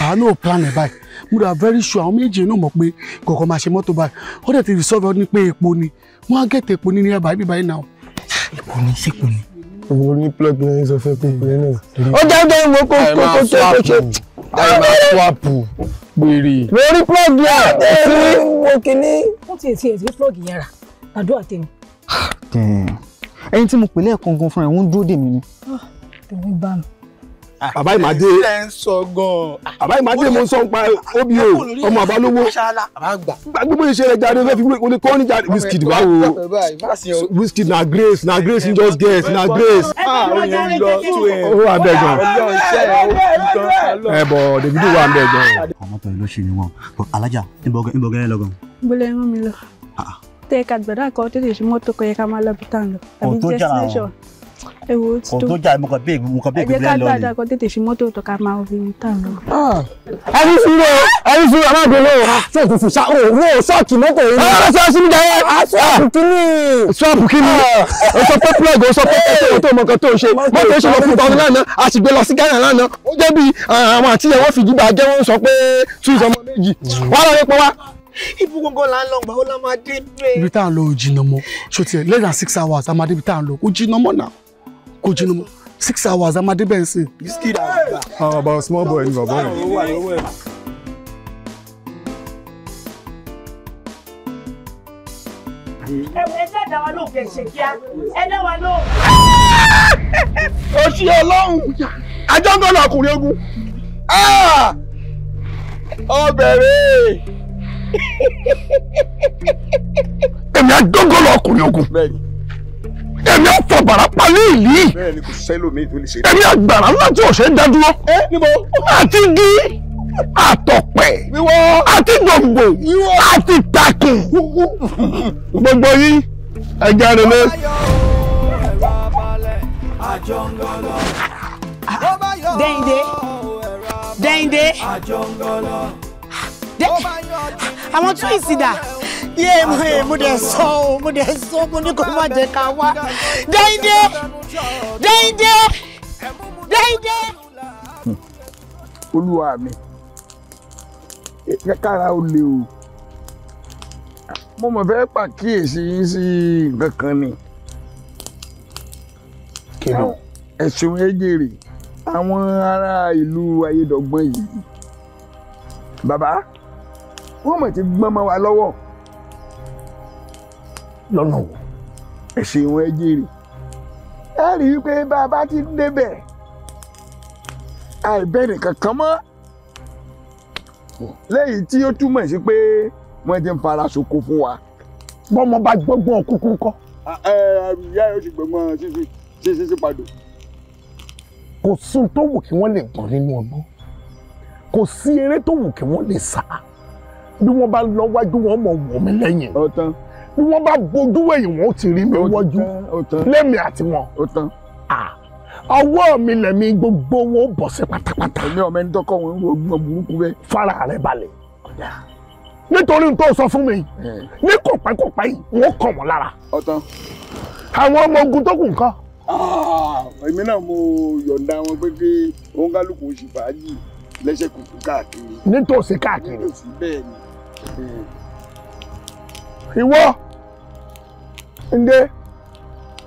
àánú ò plan ẹ̀ báyìí mo dà very sure àwọn méjì náà mọ̀ pé kọ̀ọ̀kan máa ṣe mọ́tò báyìí ó dẹ̀ ti resolve ọ ní pé epo ni wọ́n á gẹ̀tẹ̀ epo ní ní ẹ̀bà ibí báyìí náà èpò ni ṣèpò ni. owó ní plug ní ẹni sọ fún pé ìpínlẹ̀ náà. ó jáde ìwọ kó kó kó tó kó ṣe. ẹ máa swapu gbèrè. lórí plug yà ah, ẹ rí wo kìíní. wọ́n ti èsì èsì plug yẹn rà àdúrà tèmi. ẹyin tí mo pè lẹ́ẹ̀kan gan fúnra ẹ̀ wọ́n dúró dè mí ni. tèmi ah, bá mi. Ah. bàbá ìmàdé bàbá ìmàdé mo ń sọ nípa obi o ọmọ àbálówó gbogbo iṣẹ́ rẹ̀ jáde fẹ́ fi wọlé kọ́ ní jáde Wizkid báwo Wizkid na grace na grace you just get na grace. Ah, owó abẹ́ gan. ẹ bọ̀ Davido wà ń bẹ̀ gan. àwọn tó ń lọ ṣe ni wọn alájà ìbọ̀gẹ́ lọ gan. bọ́lá ẹ mọ́ mi lọ tẹ ká gbẹ̀dá kan tètè sí mọ́tò kan yẹ ká máa lọ bí tá à ń lọ àbí destination ewo ti tó kò tó jà mo kàn bẹ́ẹ̀ mo kàn bẹ́ẹ̀ gbẹ́gbẹ́ lọ ni. ẹ jẹ́ ká dáadáa kan tètè fi mọ́tò tó ká máa fi ta ah, lọ. ẹni sùúrù ẹni sùúrù ọmọ àgbẹ̀lẹ̀ ṣé kò fi ṣá o wo ṣọ́ọ̀kì mọ́tò yìí. ọ̀rọ̀ ṣe ọṣù mi jà yẹn. Ah, ah, ṣọ́ọ̀kì kìíní. ṣọ́ọ̀kì kìíní. o sọ pé plug o sọ pé pẹ́pẹ́ o tó mọ nǹkan tó ṣe mọ́tò ṣe lọ fún tọ́nu lánàá a sì gbé lọ sí Ghana lánàá ó jẹ́ bí àwọn àtìyẹ̀wò fìdíbà jẹ́ wọ́n sọ pé tún ìsọmọ méjì wàá lọ nípa wa ibu gbogbo la ń lọ gbà ó la máa dé bẹ́ẹ̀. ibi tá à ń lọ ò jìnnà mọ́ ṣòtì ẹ̀ less than six hours a máa débi tá à ń lọ ó jìnnà mọ́ náà kò jìnnà mọ́ six hours a máa débẹ̀ ń sìn. Wizkid àgbà. bàbá small boy ni bàbá yẹn. ẹ̀wọ̀n ẹ̀dá ẹ̀dá wa ló fẹ́ ṣe kíá ẹ̀dá wa ló. oṣù ọlọ́run ajọ́ngọ́nà ọkùnrin ogun ah! ọbẹ̀rẹ̀. èmi ajọ́ngọ́nà ọkùnrin ogun èmi àfọ̀bàrà palẹ̀ ìlú yìí èmi àgbàrá láti ọ̀sẹ̀ dádúró àti gí àtọ̀pẹ̀ àti gbòǹgbò àti takùn gbogbo yìí ẹja rere. Dẹ́yìndé Dẹ́yìndé àwọn tún ìsìdá. Ye èèmọ èèmọ dẹ sọ ọ mo dẹ sọ mo ní kó má jẹ ká wá déédé déédé déédé. olúwa mi e, e, kára ó le o mo mọ̀ fẹ́ pàkíyèsí yín sí nǹkan kan ni. kìlọ̀ ẹ̀sùn àwọn ará ìlú ayédọ̀gbọ́n yìí bàbá wọ́n mọ̀ ti gbọ́n mọ́ wa lọ́wọ́ lọ́nà wò. ẹ ṣeun ẹ jèrè ẹ rí i pé bá a bá ti débẹ̀ àìbẹ̀rẹ̀ kankan mọ́ lẹ́yìn tí ó túmọ̀ sí pé wọ́n ti ń fara ṣoko fún wa. bọ́mọ bá gbọ́gbọ́n kúkú kọ́. ẹ ẹ ìyá yóò ṣe gbọ̀ngbọ̀n sísí sísí sí padò. kò sún tó wù kí wọ́n lè gbọ́n nínú ọgbọ́n kò sí eré tó wù kí wọ́n lè sá bí wọ́n bá lọ wájú wọn mọ̀ wọ́n mi lẹ́yìn. ọ̀tán bí wọ́n bá bojú wẹ̀yìn wọn ó ti rí mi wọ́jú lẹ́mi àti wọn ọwọ́ mi lẹ́mi gbogbo wọn ó bọ̀ sí pátápátá. èmi ọmọ ẹni dọ́kọ̀ wọn ń wo ọgbọ́n burúkú bẹ́ẹ̀. fara rẹ balẹ̀ nítorí n tó sọ fún mi ní kọ̀pẹ́kọ̀pẹ́ yìí wọ́n kàn wọ́n lára. ọ̀tán. àwọn ọmọ ogun tó kù nǹkan ah, èmi náà mo yọ̀ǹda wọn pé pé oníkálukú ń ṣe fàájì lẹ́sẹ̀kùkù káàkiri. nítòsí káàkiri. nítòsí bẹ́ẹ̀ ni ìwọ ǹdẹ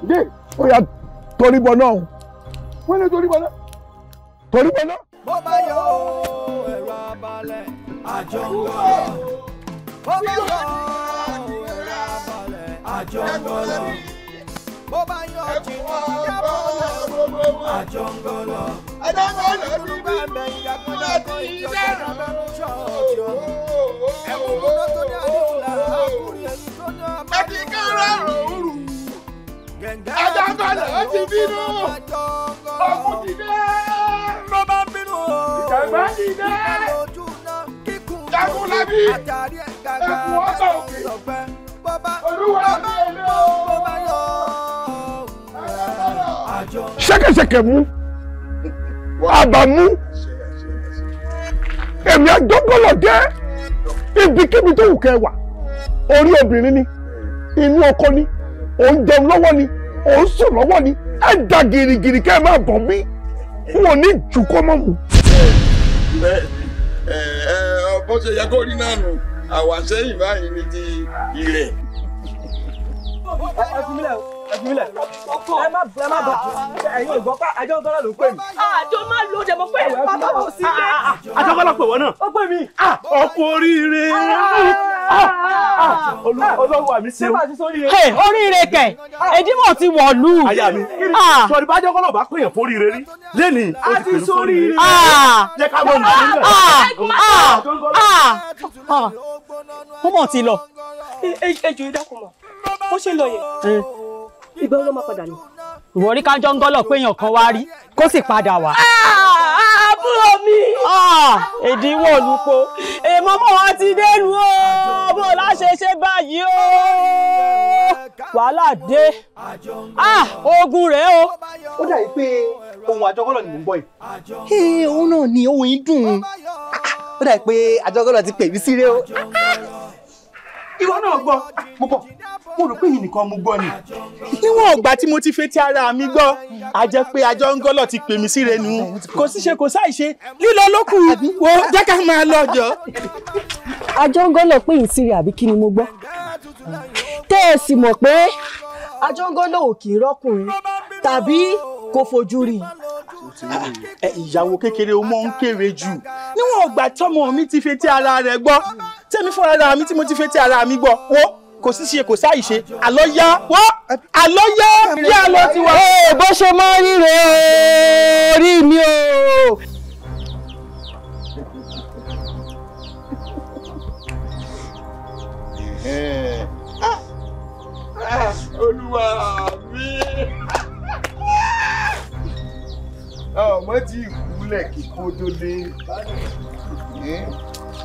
ǹdẹ ó yà toríbọ náà wọ́n lè toríbọ náà toríbọ náà. bó bá yọ ẹ̀rọ abalẹ̀ àjọ ń gbọ́ bó bá yọ ẹ̀rọ abalẹ̀ àjọ ń gbọ́ lọ bó bá yọ jìnnà yàgò lọ àjọ ń gbọ́ lọ. adágbọ́n lọ sí ìyàgbọ́n lọ sí ìjọba lọ́sọ̀ọ́sọ̀ ẹ̀wọ̀n lọ́sọ̀ọ́sọ̀ kẹrẹ òru ajabalẹ̀ ó ti bínú ọkùn ti dé ló bá ń bínú ìjàgbá ti dé jagunlabi ẹkùn ọgbà òkè olúwa mi ò lé o. ṣẹ́kẹ́ṣẹkẹ̀ mú àbámú èmi àjọgọlọdẹ ibikíbi tó wù kẹ́ wà orí obìnrin ni inú ọkọ ni ò ń jẹun lọ́wọ́ ni ò ń sùn lọ́wọ́ ni ẹ da gìrìgìrì kẹ́ ẹ máa bọ̀ mí n ò ní jù mọ́ wù. ẹ ẹ bó ṣe yẹ kó rí náà nù àwàṣẹ́yìn báyìí ni ti ilẹ̀. ẹ ẹ ìfilẹ̀ ẹ má ẹ má bà ẹ̀yin ò gbọ́ pa àjọ bọ́lá ló pè mí. àjọ ah, má lo jẹ mọ pé bàbá kò sí ilé. àjọ ah, ah, bọ́lá pè wọ́n náà. ó pè mí. ọkọ oríire oríire kẹ èdìmọ̀ ti wọ̀lú. àyà mi sọ̀rọ̀ bá jọ́kọ́ náà bá pèèyàn foríire rí lẹ́nìí. a ti sóríire. jẹ́ ká mọ̀ nílẹ̀. ó mọ̀ ti lọ. ejò ìdákùnmọ̀ bó ṣe lọ yẹn. Eh ìgbà wo ló máa padà ní. ìwọ rí kájọ ń gọ́lọ̀ pé èèyàn kan wá rí kó sì padà wá. Ah, àbúrò mi. Ah, èdínwó olùkó èèmọ́ mọ́ wọn ti dẹ́nu o bó láṣẹ ṣe báyìí o wàhálà dé ah, ogun rèé o. ó dàbí pé ohun àjọkọ́lọ̀ ni mò ń gbọ́ yìí. òun náà ni ohun yìí dùn ó dàbí pé àjọkọ́lọ̀ ti pè mí síre o ìwọ náà gbọ́ mo bọ̀ mo rò pé èyí nìkan mo gbọ́ ni. níwọ̀n ọ̀gbà tí mo ti fetí ara mi gbọ́ a jẹ́ pé àjọ ń gọ́lọ̀ ti pè mí síre nu kò síṣe kò sáìṣe lílọ lókù wo jẹ́ ká máa lọ jọ. àjọ ń gọ́lọ̀ pé yìí síre àbí kí ni mo gbọ́ tẹ́ ẹ sì mọ̀ pé àjọ ń gọ́lọ̀ ò kì í rọ́kùnrin tàbí kò fojú rí ìyàwó kékeré o mọ ń kéré jù níwọ̀n ọ̀gbà tọmọ mi ti fetí ara rẹ̀ gbọ́ sẹ́mi fúnra ara mi tí mo ti fetí ara mi gbọ́ wo kò sí ṣe kò sáì ṣe àlọ́ yá wọ́ àlọ́ yá bí àlọ́ ti wà. bó ṣe máa ń rè é mi o. olúwa mi ọmọ tí ìkúlẹ̀ kíkó tó dé.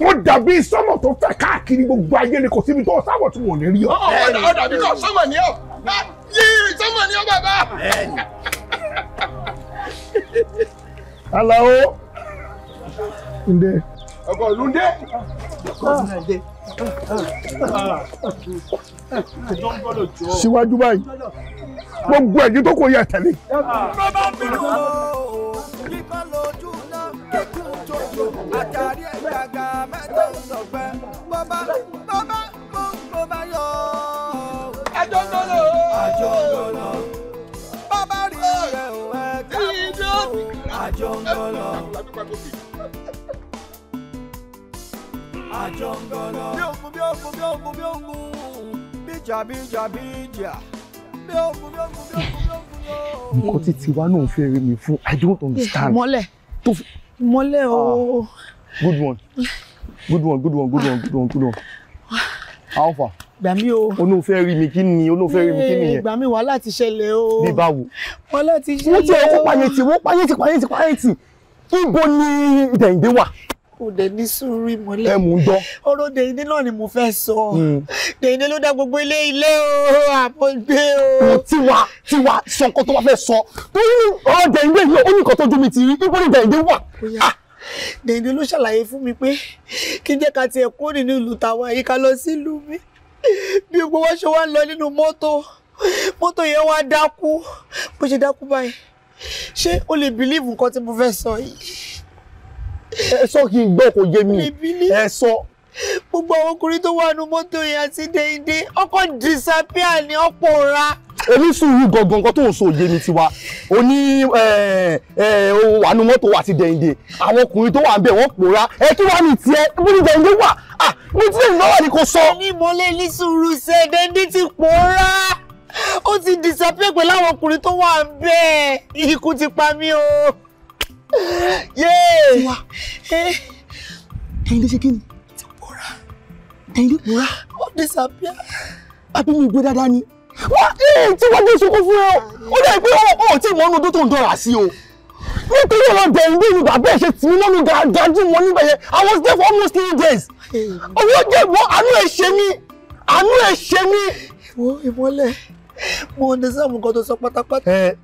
ó dàbí sọmọ tó fẹ́ káàkiri gbogbo ayé ni kò síbi tó sáwọ tí wọn ò ní rí ọ. ó dàbí kọ sọmọ ní ọ yìí sọmọ ní ọ bàbá. alao nde. ọkọ lunde. síwájú báyìí gbogbo ẹ̀jú tó kò yẹ tẹ̀lé. bàbá mi lò ó kíkọ́ lójú náà àgàgà mẹ́ta ń sọ̀gbẹ́ bó bá bó bá bó bá yọ. àjọ ń lọ. àjọ ń lọ. bàbá rí rẹ̀ ò ẹ ká mú. àjọ ń lọ. àjọ ń lọ. bí ògùn bí ògùn bí ògùn bí ògùn bíjà bíjà bíjà bí ògùn bí ògùn bí ògùn bí ògùn yóò. nǹkan tí tiwa náà ń fẹ́ rí mi fún I don't understand. ìmọ́lẹ̀ ìmọ́lẹ̀ ooo. Ah good one good one good one good one good one good one how far. gbà mí o. olóhùn fẹ́ rí mi kí ni olóhùn fẹ́ rí mi kí ni yẹn. gbà mí wàhálà ti ṣẹlẹ̀ o. bí báwo. wàhálà ti ṣẹlẹ̀ o. wọ́n ti ẹ̀kọ́ pàyẹ̀tì wọ́n pàyẹ̀tì pàyẹ̀tì pàyẹ̀tì ibo ni dẹ̀ǹdé wà kò dẹ̀ ní sùúrù ìmọ̀lẹ́. ẹ mú un jọ. ọ̀rọ̀ dèyíndé náà ni mo fẹ́ sọ. Hmm. dèyíndé ló dá gbogbo ilé ilé o àpọ̀gbé o. tiwa tiwa sọ nǹkan tó wá fẹ́ sọ torí ọ̀rọ̀ dèyíndé yìí ó ní nǹkan tó ju mi ti rí ibo ni dèyíndé wà. Dèndé ló ṣàlàyé fún mi pé kí n jẹ́ ká tiẹ̀ kúrò nínú ìlú tàwa yìí ká lọ sílùú mi bí gbogbo wọn ṣe wá ń lọ nínú mọ́tò mọ́tò yẹn wá dákú bó ṣe dákú báyìí ṣé o lè bìlíìfù nǹkan tí mo fẹ́ sọ yìí. ẹ sọ kí n gbọ́ kó yé mi ẹ sọ. gbogbo àwọn ọkùnrin tó wà nínú mọ́tò yẹn àti Dèndé ọkọ̀ disappear ni ọ̀pọ̀ ra onísùúrù gangan nǹkan tó ń sọ òye mi tiwa oní wàánu mọ́tò wà ti dẹ̀yìndè àwọn ọkùnrin tó wà ń bẹ̀ wọ́n pòórá ẹ kí wàá ní tiẹ̀ mo ní dẹ̀yìndé wà ah mo ti lè lọ́wọ́ ni kò sọ. èmi mo lè ní sùúrù ṣe dẹ́ndé ti pòórá ó ti disappear pẹ̀lú àwọn ọkùnrin tó wà ń bẹ̀ ikú ti pa mí o. dẹ̀yìndé ṣe kí ni dẹ̀yìndé pòórá ó disappear àbí mi gbé dáadáa ni wọ́n ee eh, tí wọ́n dé sunkún fún ẹ o ó dẹ̀ pé ó ti mọ ọ́nà tó tó ń dọ̀rà sí o nítorí ọ̀rọ̀ bẹ̀rù bí ìgbà bẹ́ẹ̀ ṣe tì mí lọ́nu gàdájú wọn níbẹ̀ yẹn I was there for almost three days owó jẹ́ ìwọ àánú ẹ̀ ṣe mí àánú ẹ̀ ṣe mí. ìwọ ìmọ́lẹ̀ mo understand nǹkan tó sọ pátápátá eh.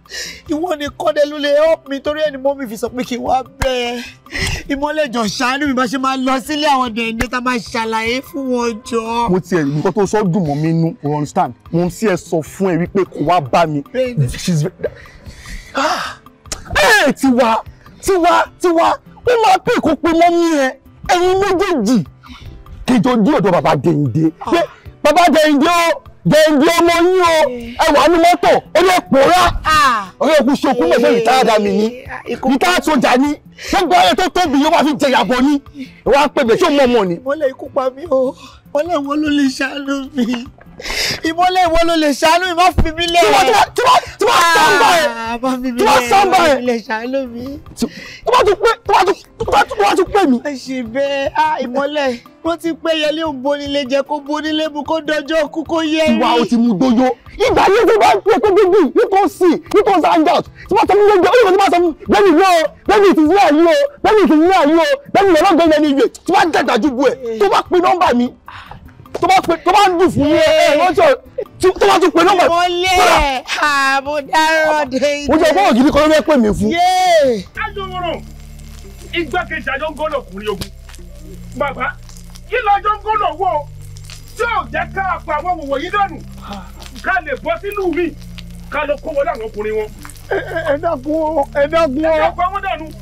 ìwọ ni kọ́dẹ ló lè help me! torí ẹni mọ́ mi fi sọ pé kí n wá bẹ́ẹ̀ ìmọ̀lẹ̀ jọ ṣàánú mi bá ṣe máa lọ sílé àwọn dẹ̀ndé tá a máa ṣàlàyé fún wọn jọ. mo tiẹ̀ nǹkan tó sọ dùn mọ́ mi nú you understand mo ń sí ẹ sọ fún ẹ wípé kò wá bá mi. ẹ ah! eh, tiwa tiwa tiwa ó máa pè kó pe mọ́ mi ẹ ẹ̀yin méjèèjì kejọ dí ọ̀dọ̀ bàbá dẹ̀ndé ah. bàbá dẹ̀ndé o gbẹ̀ngbẹ̀ ọmọ yín o eh. ẹwà ah. ah, ní mọ́tò orí òpòrá orí òkú ṣokú mẹ́fẹ́ ìtaradà mi ni ìta àtúnjà ni gbogbo ayé tó tóbi yóò wá fi jẹ ìyàbọ̀ ni ìwà pẹ̀bẹ̀ tí ó mọ̀ mọ̀ ni. wọ́n lè ikú pa mí o wọ́n lè wọ́n ló lè ṣàánú mi ìmọ̀lẹ̀ ìwọ ló lè ṣàánú ìmọ̀ fi mí lẹ̀. tí wọ́n tí wọ́n sọ́nbà ẹ̀ tí wọ́n sọ́nbà ẹ̀ lè ṣàánú mi. tí wọ́n tún pé tí wọ́n tún tí wọ́n tún pè mí. ṣì bẹ́ẹ̀ á ìmọ̀lẹ̀ wọ́n ti pé yẹlé òun bonílé jẹ kó bonílé mu kó dọjọ́ kú kó yẹ rí. ìwà o ti mú gbóyó ìgbà yẹn ti máa ń pè kókókó nítòsí nítòsí hangout tí wọ́n sọ fún gbogbo olùkọ́ tí wọ́n sọ fún bẹ́ẹ̀ni ìlú o bẹ́ẹ̀ni ìtìsí náà ìlú o bẹ́ẹ̀ni ìtìsí náà ìlú o bẹ́ẹ̀ni ìlú ọlọ́gbẹ́ni ẹni ìwé tí wọ́n á dẹ̀dájú bu ẹ̀ tó bá pin nọ́mbà mi tó bá pè tó bá dùn fún mi ẹ lọ́jọ́ tó bá tún pè nọ́mbà. mo lé àbò dárò dé. mo jẹ bọ́ọ̀ gidi kan ló fẹ́ pè mí fún. ajọwọrọ igbákejì àjọ ń gọ́nà ọkùnrin ogun bàbá kí lọ́jọ́ ń gọ́nà wọ̀ tí ò jẹ́ ká àpò àwọn òwò yìí dànù ká lè bọ́ sínú mi ká lọ kó wọlé àwọn ọkùnrin wọn. ẹ dákun ẹ dákun ẹ dákun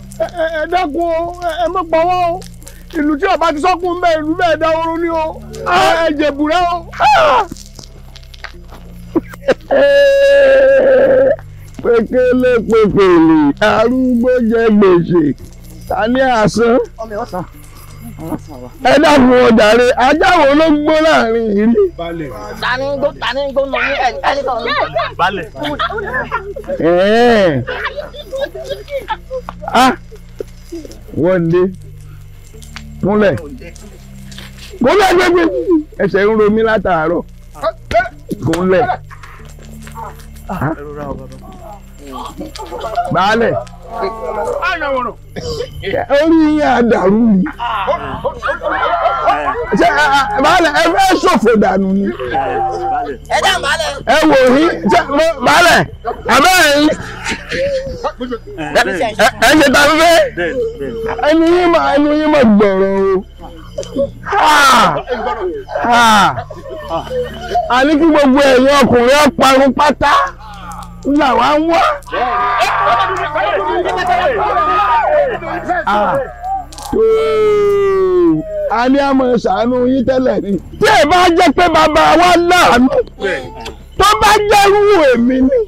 ẹ dákun ẹ mọ̀ pọ̀ ìlú tí ọba ti sọkún bẹ́ẹ̀ ìlú bẹ́ẹ̀ dáwọ́rọ́ ní o ẹ̀jẹ̀ bùrẹ́ o. pékélé pékélé arúgbó jẹ gbèsè ta ní àsán. ẹ dákun ọ̀dàre ajá wo ló ń gbó láàrin ìlú. tani ń gbó tani ń gbó nù ní ẹni kan ní. balẹ̀. ah wọ́n dé múlẹ̀ múlẹ̀ gbẹgbẹ ẹsẹ̀ ń ro mí látàárọ̀ múlẹ̀ baálẹ̀ orí yín àdàrú ni baálẹ̀ ẹ fẹ́ ṣòfò dànù ni ẹ wò yín baálẹ̀ àbẹ́ ẹ ṣe ta fífẹ́ ẹnu yín mà ẹnu yín mà gbọ̀rọ̀ o ah. a ní kí gbogbo ẹ̀yin ọkùnrin ọ̀parun pátá là wá ń wá. Ah. Ah. a ní àmọ́ ṣàánú yín tẹ́lẹ̀ ni. tí ẹ bá jẹ́ pé bàbá wa láàánú tó bá jẹ́rú èmi ni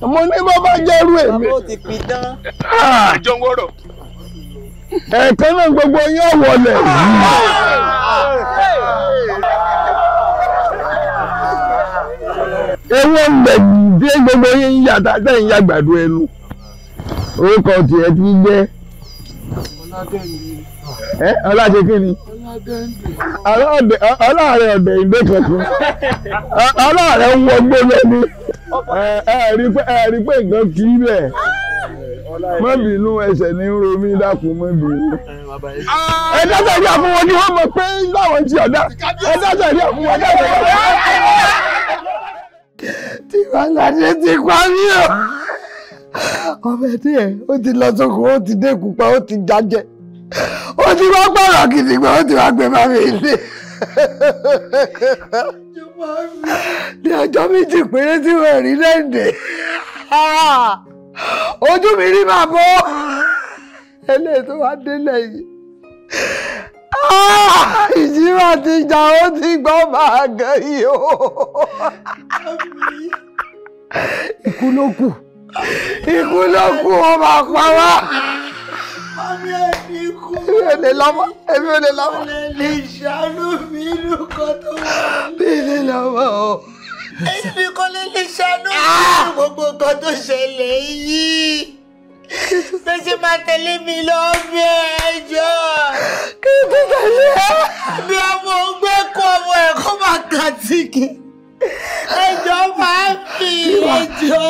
ah. mo ní bó bá jẹ́rú èmi. ìjọ ń wọ́rọ̀. ẹ̀ẹ̀kan náà gbogbo yín ò wọlé yìí. ewu ń bẹ̀ yìí. tí gbogbo yín ń yà tá tẹ̀ ń ẹnu orúkọ tiẹ̀ ti jẹ́ ọládé kí ni ọlọ́ọ̀rẹ́ ọ̀dẹ̀ ìgbé kankan ọlọ́ọ̀rẹ́ ń pé nǹkan kì í bínú ní ń romí dákun bínú. ni wọ́n mọ̀ pé Tiwaladé ti pa mí o. Ọmọ ẹ̀dí ẹ̀ ó ti lọ sóko, ó ti dẹ́kun pa, ó ti jájẹ. Ó ti wá pọ̀rọ̀ gidi pé ó ti wá gbé bá mi ilé. Ní ọjọ́ méjì péré tí wọ́n rí lẹ́ǹdẹ̀. Ojú mi rí màbọ̀. Ẹlẹ́yìn wá délẹ̀ yìí. Ah! ìjìnlẹ̀ àti ìjà ó ti gbọ́ máa gẹ̀ yìí o. ikú ló kù ikú ló kù ó máa pa wá. Mami ẹni kú. Èmi ò lè lọ́mọ. Èmi ò lè lọ́mọ. Olè lè ṣàánú mi inú kan tó wà. Mi lè lọ́mọ o. Èmi kò lè lè ṣàánú mi inú gbogbo nǹkan tó ṣẹlẹ̀ yìí bẹ́ẹ̀ ṣe máa tẹ̀lé mi lọ́ọ́bẹ̀ ẹjọ́. kí n tó tẹ̀lé ẹ. bí ọmọ ògbé kọ ọmọ ẹ̀ kó máa kà sí kí. ẹjọ́ máa ń fi ẹjọ́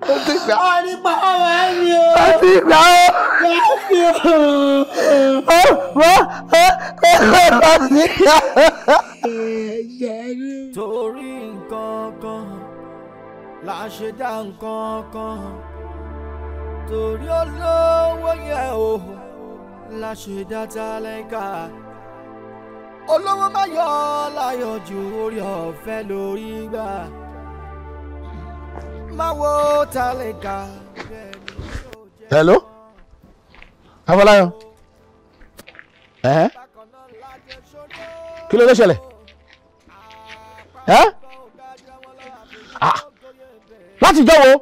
ó torí nǹkan kan la ṣe dá nǹkan kan torí olówó yẹ o la ṣe dá tálákà olówó má yọ ọ́ láyọ̀ ju orí ọ̀fẹ́ lórí gbà má wo tálíkà. hello afọláyọ ẹhẹ kí ló ló ṣẹlẹ̀ ẹ ah, láti jọ wo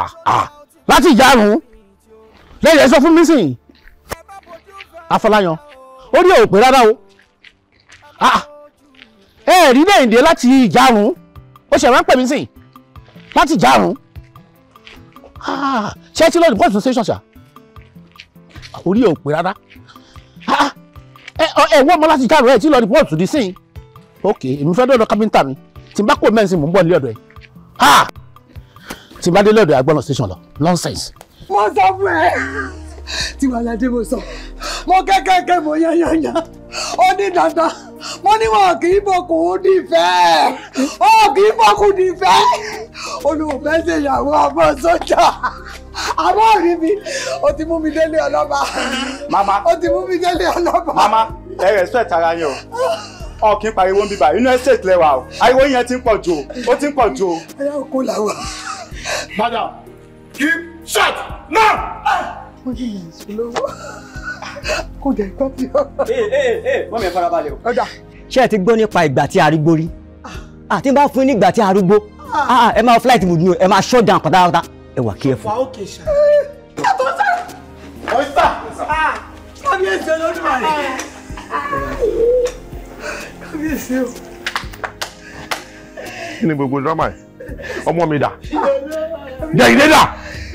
ah, ah, láti ìjárùn lẹ́yìn ẹ sọ fún mi sìn afọláyọ ó rí òpè rárá o ẹ rí lẹ́yìn dé láti ìjárùn ó ṣe ránpẹ́ mi sìn láti járùn ah, ṣé tí lọ́dún bọ́ọ̀sì ṣe ṣọ̀ṣà orí ẹ̀ ò pé rárá ah, ah, ẹ wọ́n mọ́ láti járùn ẹ̀ tí lọ́dún bọ́ọ̀sì di sìn ok èmi fẹ́ dọ́dọ̀ kápẹ́ńtà mi tí n bá kó mẹ́rin sí mò ń bọ̀ nílé ọ̀dọ̀ ẹ̀ tí n bá dé lọ́dọ̀ àgbọ̀nà station lọ nonsense. mo sọ fún ẹ tí wàhálà dé mo sọ mo kẹ́kẹ́kẹ́ mo yányányá ó ní dandan mo ní wọn kì í bọkùn nífẹ̀ẹ́ ó kì í bọkùn nífẹ̀ẹ́ olùwòfẹ́ ṣe ìyàwó ọmọ sọ́jà àmọ́ òrí mi ó ti mú mi délé ọlọ́ba mama ó ti mú mi délé ọlọ́ba mama ẹ respect ara yín o ọkìn pariwo ń bíbà inú estate lẹwà o ariwo yẹn ti ń pọ̀ jù o ó ti ń pọ̀ jù o. ẹ yà kó làwà. madam keep shut now ó jìyà ìṣòlówó kò jẹ́ ìtọ́jú. mọ́ mi ẹ farabalẹ̀ o. ṣé ẹ ti gbọ́ nípa ìgbà tí arúgbó rí àti ah, bá fún yín nígbà tí arúgbó ah. Ah, ẹ máa flight mood ni o ẹ máa shut down pátápátá ẹ wà kí ẹ fún. yàtọ̀ sá. ọ̀sà kábíyèsí olódùmá rẹ̀ kábíyèsí o. kí ni gbogbo drama yìí ọmọ mi dà jẹ̀yìn dé dà.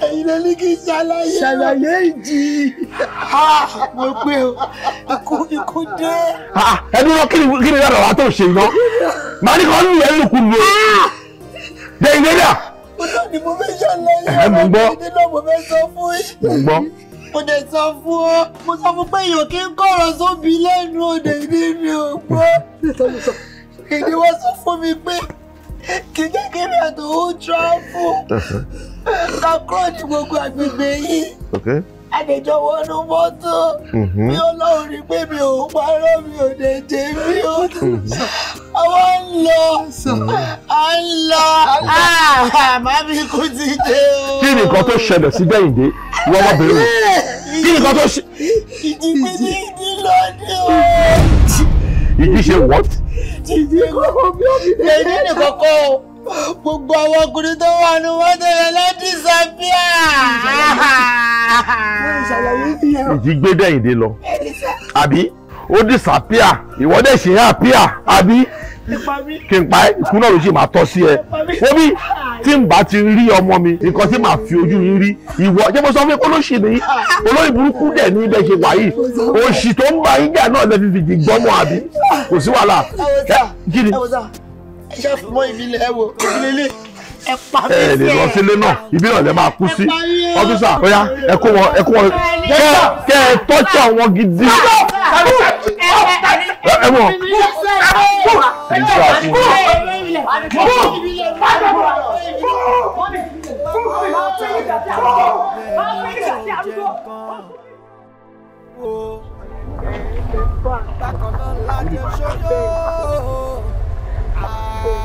ẹ̀yin ló ní kí n ṣàlàyé o ṣàlàyé ìjì mo pé o ikú ikú dé. ẹni wọn kí ni yàrá wa tó ṣe yan màá ní kàn ń lu ẹnu kù lò dé ilé dà. mo náà ni mo fẹ́ ṣàlàyé ọ̀rọ̀ ìdílé náà mo fẹ́ sọ fún yín. mo gbọ́ mo dẹ̀ sọ fún ọ mo sọ fún pé èèyàn kí n kọ̀rọ̀ sóbi lẹ́nu òde ní mi ò gbọ́ èdè wọn sọ fún mi pé kì í jẹ́ kí mi àtòwò tíráfù lọ kúrò ní gbogbo agbègbè yìí àdèjọ wọnú mọ́tò mi mhm. ọlọ́run rí pé mi ò parọ́ mi ò lè jẹ mí o mhm. ọwọ́ ń lọ à mhm. ń lọ ah, (laughs) màmí kò ti dé o. kí ni nǹkan tó ṣẹlẹ̀ sí gbẹ̀yìndé wọ́n wá bèrè kí ni nǹkan tó ṣe. ìdíje ní ìdí lónìí o. ìdíje what. ìdíje kọ́kọ́ bí ó fi lè. èmi nìkan o gbogbo àwọn ọkùnrin tó wà ní mọ́tò yẹn ló disapia. ìjígbé dẹ̀yìndé lọ àbí ó disapia ìwọ dẹ̀ ṣe apia àbí kí n pa ẹ́ ikú náà ló ṣe máa tọ́ sí ẹ wọ́n bí tí n bá ti rí ọmọ mi nǹkan tí màá fi ojú yín rí ìwọ jẹ́ mo sọ fún yín ló ṣì ní olóyìn burúkú dẹ̀ ní ibẹ̀ ṣe wà òṣì tó ń bá yín jà náà lẹ́fi fìdí gbọ́mọ àbí kò sí wàhálà kí ni ṣẹ́fù mọ́ ìbílẹ̀ ẹ wo ìbílẹ̀ ẹ pa mí sí ẹ. ẹ lè lọ sílé náà ibi náà lè máa kú sí ọ́fíìsà ọ̀yá ẹ kó wọn ẹ kó wọn kẹ ẹ tọ́jú àwọn gidi. ẹ wọ Oh, Hey,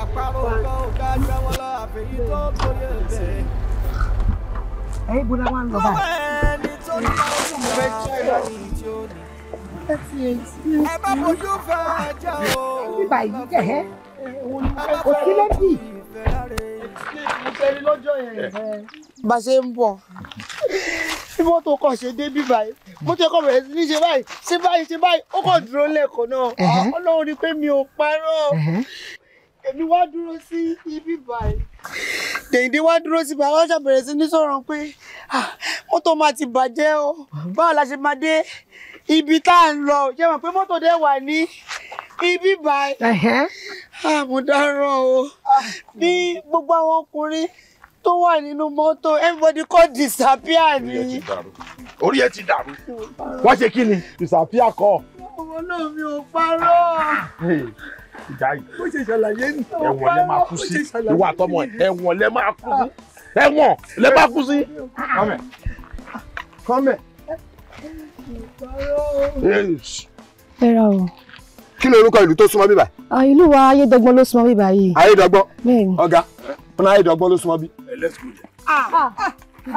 bó láwọn lọ báyìí. ẹ bá fojú fẹ́ ajá o. bíbá yìí jẹ́ ẹ́ òkí lẹ́bí. bá a ṣe ń bọ̀ bí mọ́tò kàn ṣe dé bíbá yìí mọ́tò kàn bẹ̀rẹ̀ sí ní ṣe báyìí ṣe báyìí ṣe báyìí ó kàn dúró lẹ́ẹ̀kan náà ọlọ́run ni pé mi ò parọ́ èmi wá dúró sí ibi báyìí. Dèyìndé wá dúró sí bàbá ọ̀ṣà bẹ̀rẹ̀ sí ní sọ̀rọ̀ pé mọ́tò máa ti bàjẹ́ o báwo la ṣe máa dé ibi tá à ń lọ ṣe mọ̀ pé mọ́tò dẹ̀ wà ní ibi báyìí. Mo dáràn o bí gbogbo àwọn ọkùnrin tó wà nínú mọ́tò everybody kò disappear ni. Orí ẹ ti dàrú. Wá ṣe kí ni? Disappear kọ́. Ọmọ náà mi ò parọ́ ìjà yìí. bó ṣe ṣàlàyé ni. ẹ̀wọ̀n lẹ máa kú sí ìwà àtọmọ ẹ̀wọ̀n lẹ máa kú sí ẹ̀wọ̀n lẹ máa kú sí. kọ́mẹ̀ kọ́mẹ̀. ẹ̀rọ o. kí ni orúkọ ìlú tó súnmọ́ bíbá? ìlú wa ayédọ́gbọ́n ló súnmọ́ bíbá yìí. ayédọ́gbọ́n ọ̀gá ọ̀nà ayédọ́gbọ́n ló súnmọ́ bí. Ah, ah,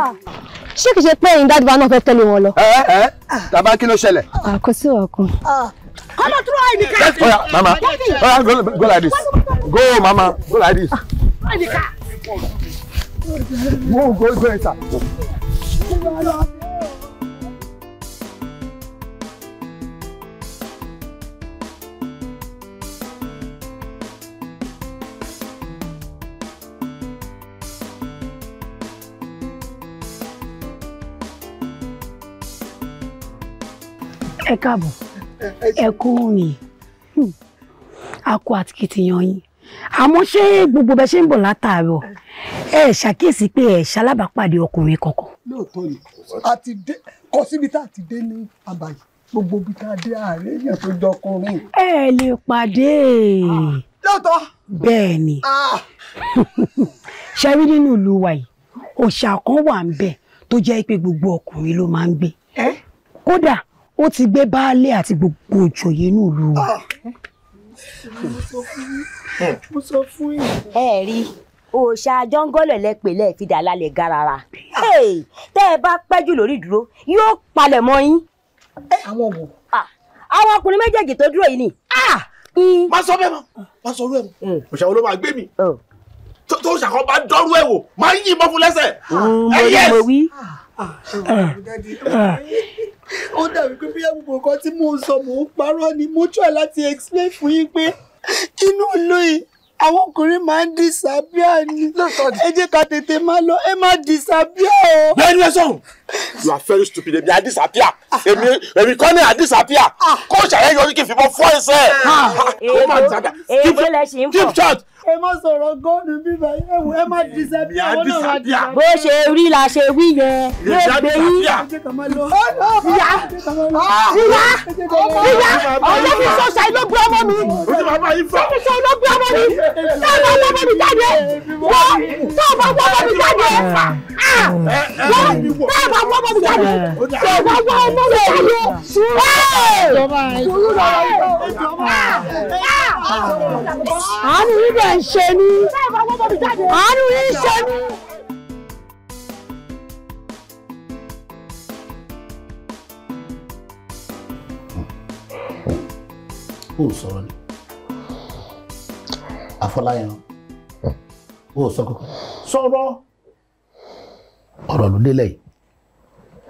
ah. ṣé kìí ṣe pé ìyìn dáàdúrà náà fẹ́ tẹ̀lé wọn lọ. ẹ ẹ tàbá kí ló ṣẹlẹ̀. kò sí ọkàn. Come and throw her in the car. oh yeah, mama. Oh, go, go like this. Go, mama. Go like this. Go in the car. Go, go, go inside. Go ẹkún rìn hmm. akọ àti kìtìyàn yín àmọ́ ṣé gbogbo bẹ ṣe ń bọ̀ látàárọ̀ ẹ ṣàkíyèsí pé ẹ ṣalábàápàdé ọkùnrin kankan. lóòótọ́ ni àti dé kọ síbi tá a ti dé ní àbàyè gbogbo ibi tá a dé àárẹ̀ èèyàn tó jọ ọkùnrin. ẹ lè pàdé. lóòótọ́. bẹ́ẹ̀ ni ah. (laughs) ṣe rí nínú ìlú wa yìí òòṣà kan wà ń bẹ tó jẹ́ pé gbogbo ọkùnrin ló máa ń gbé kódà ó ti gbé baálé àti gbogbo òjòyè inú ìlú wa. Ah. mo sọ fún yín. ẹ rí òòṣà jọ́ngọ́lẹ̀ lẹ́pẹ̀ lẹ́ẹ̀ fi dà lálẹ́ garara ah. tẹ́ ẹ bá pẹ́jù lórí ìdúró yóò palẹ̀ mọ́ yín. àwọn wo. Ah, àwọn ọkùnrin méjèèjì tó dúró yìí ni. má sọ bẹ́ẹ̀ mọ́ má sọ bẹ́ẹ̀ mọ́ eh. òòṣà wo ló máa gbé mi oh. tó ṣàkóbá dọ́rú ẹ̀ wò máa ń yìnbọn fún lẹ́sẹ̀. mo rí eh, mo wí. Ah, ah, ah. ó dàbí pé bí àgbègbè kan tí mò ń sọ mò ń parọ́ ni mo try láti explain fún yín pé inú ìlú yìí àwọn ọkùnrin máa ń disappear ni ẹ jẹ́ ká tètè máa lọ ẹ má disappear o. lẹ́nu ẹ sọ̀rọ̀ you are very stupid èmi á disappear èmi èmi kọ́ ni á disappear kó ṣàyẹ̀yọ́ kí n fìbọn fọ́ ẹsẹ̀. èèbó lẹ ṣì ń fọ. keep short ẹ má sọ̀rọ̀ góòlù bíbá ẹwù ẹ má disapia ẹ náà má disapia. bó ṣe rí la ṣe wí yẹn yóò gbé yín. ìyá ìyá ìyá ọjọ́ fi sọ́sà iná gbé ọmọ mi sọ́sà iná gbé ọmọ mi sọ́sà iná gbé ọmọ mi jáde wọ́n sọ́ọ̀bà gbé ọmọ mi jáde wọ́n sọ́ọ̀bà gbé ọmọ mi jáde sọ́ọ̀bà gbé ọmọ mi jáde sùúrù lọ́wọ́. àánú níbẹ̀ ń ṣe ní àánú yín ń ṣe o ó sọ̀rọ̀ ni o ó sọ kókó sọ̀rọ̀ ọ̀rọ̀ ló délẹ̀ yìí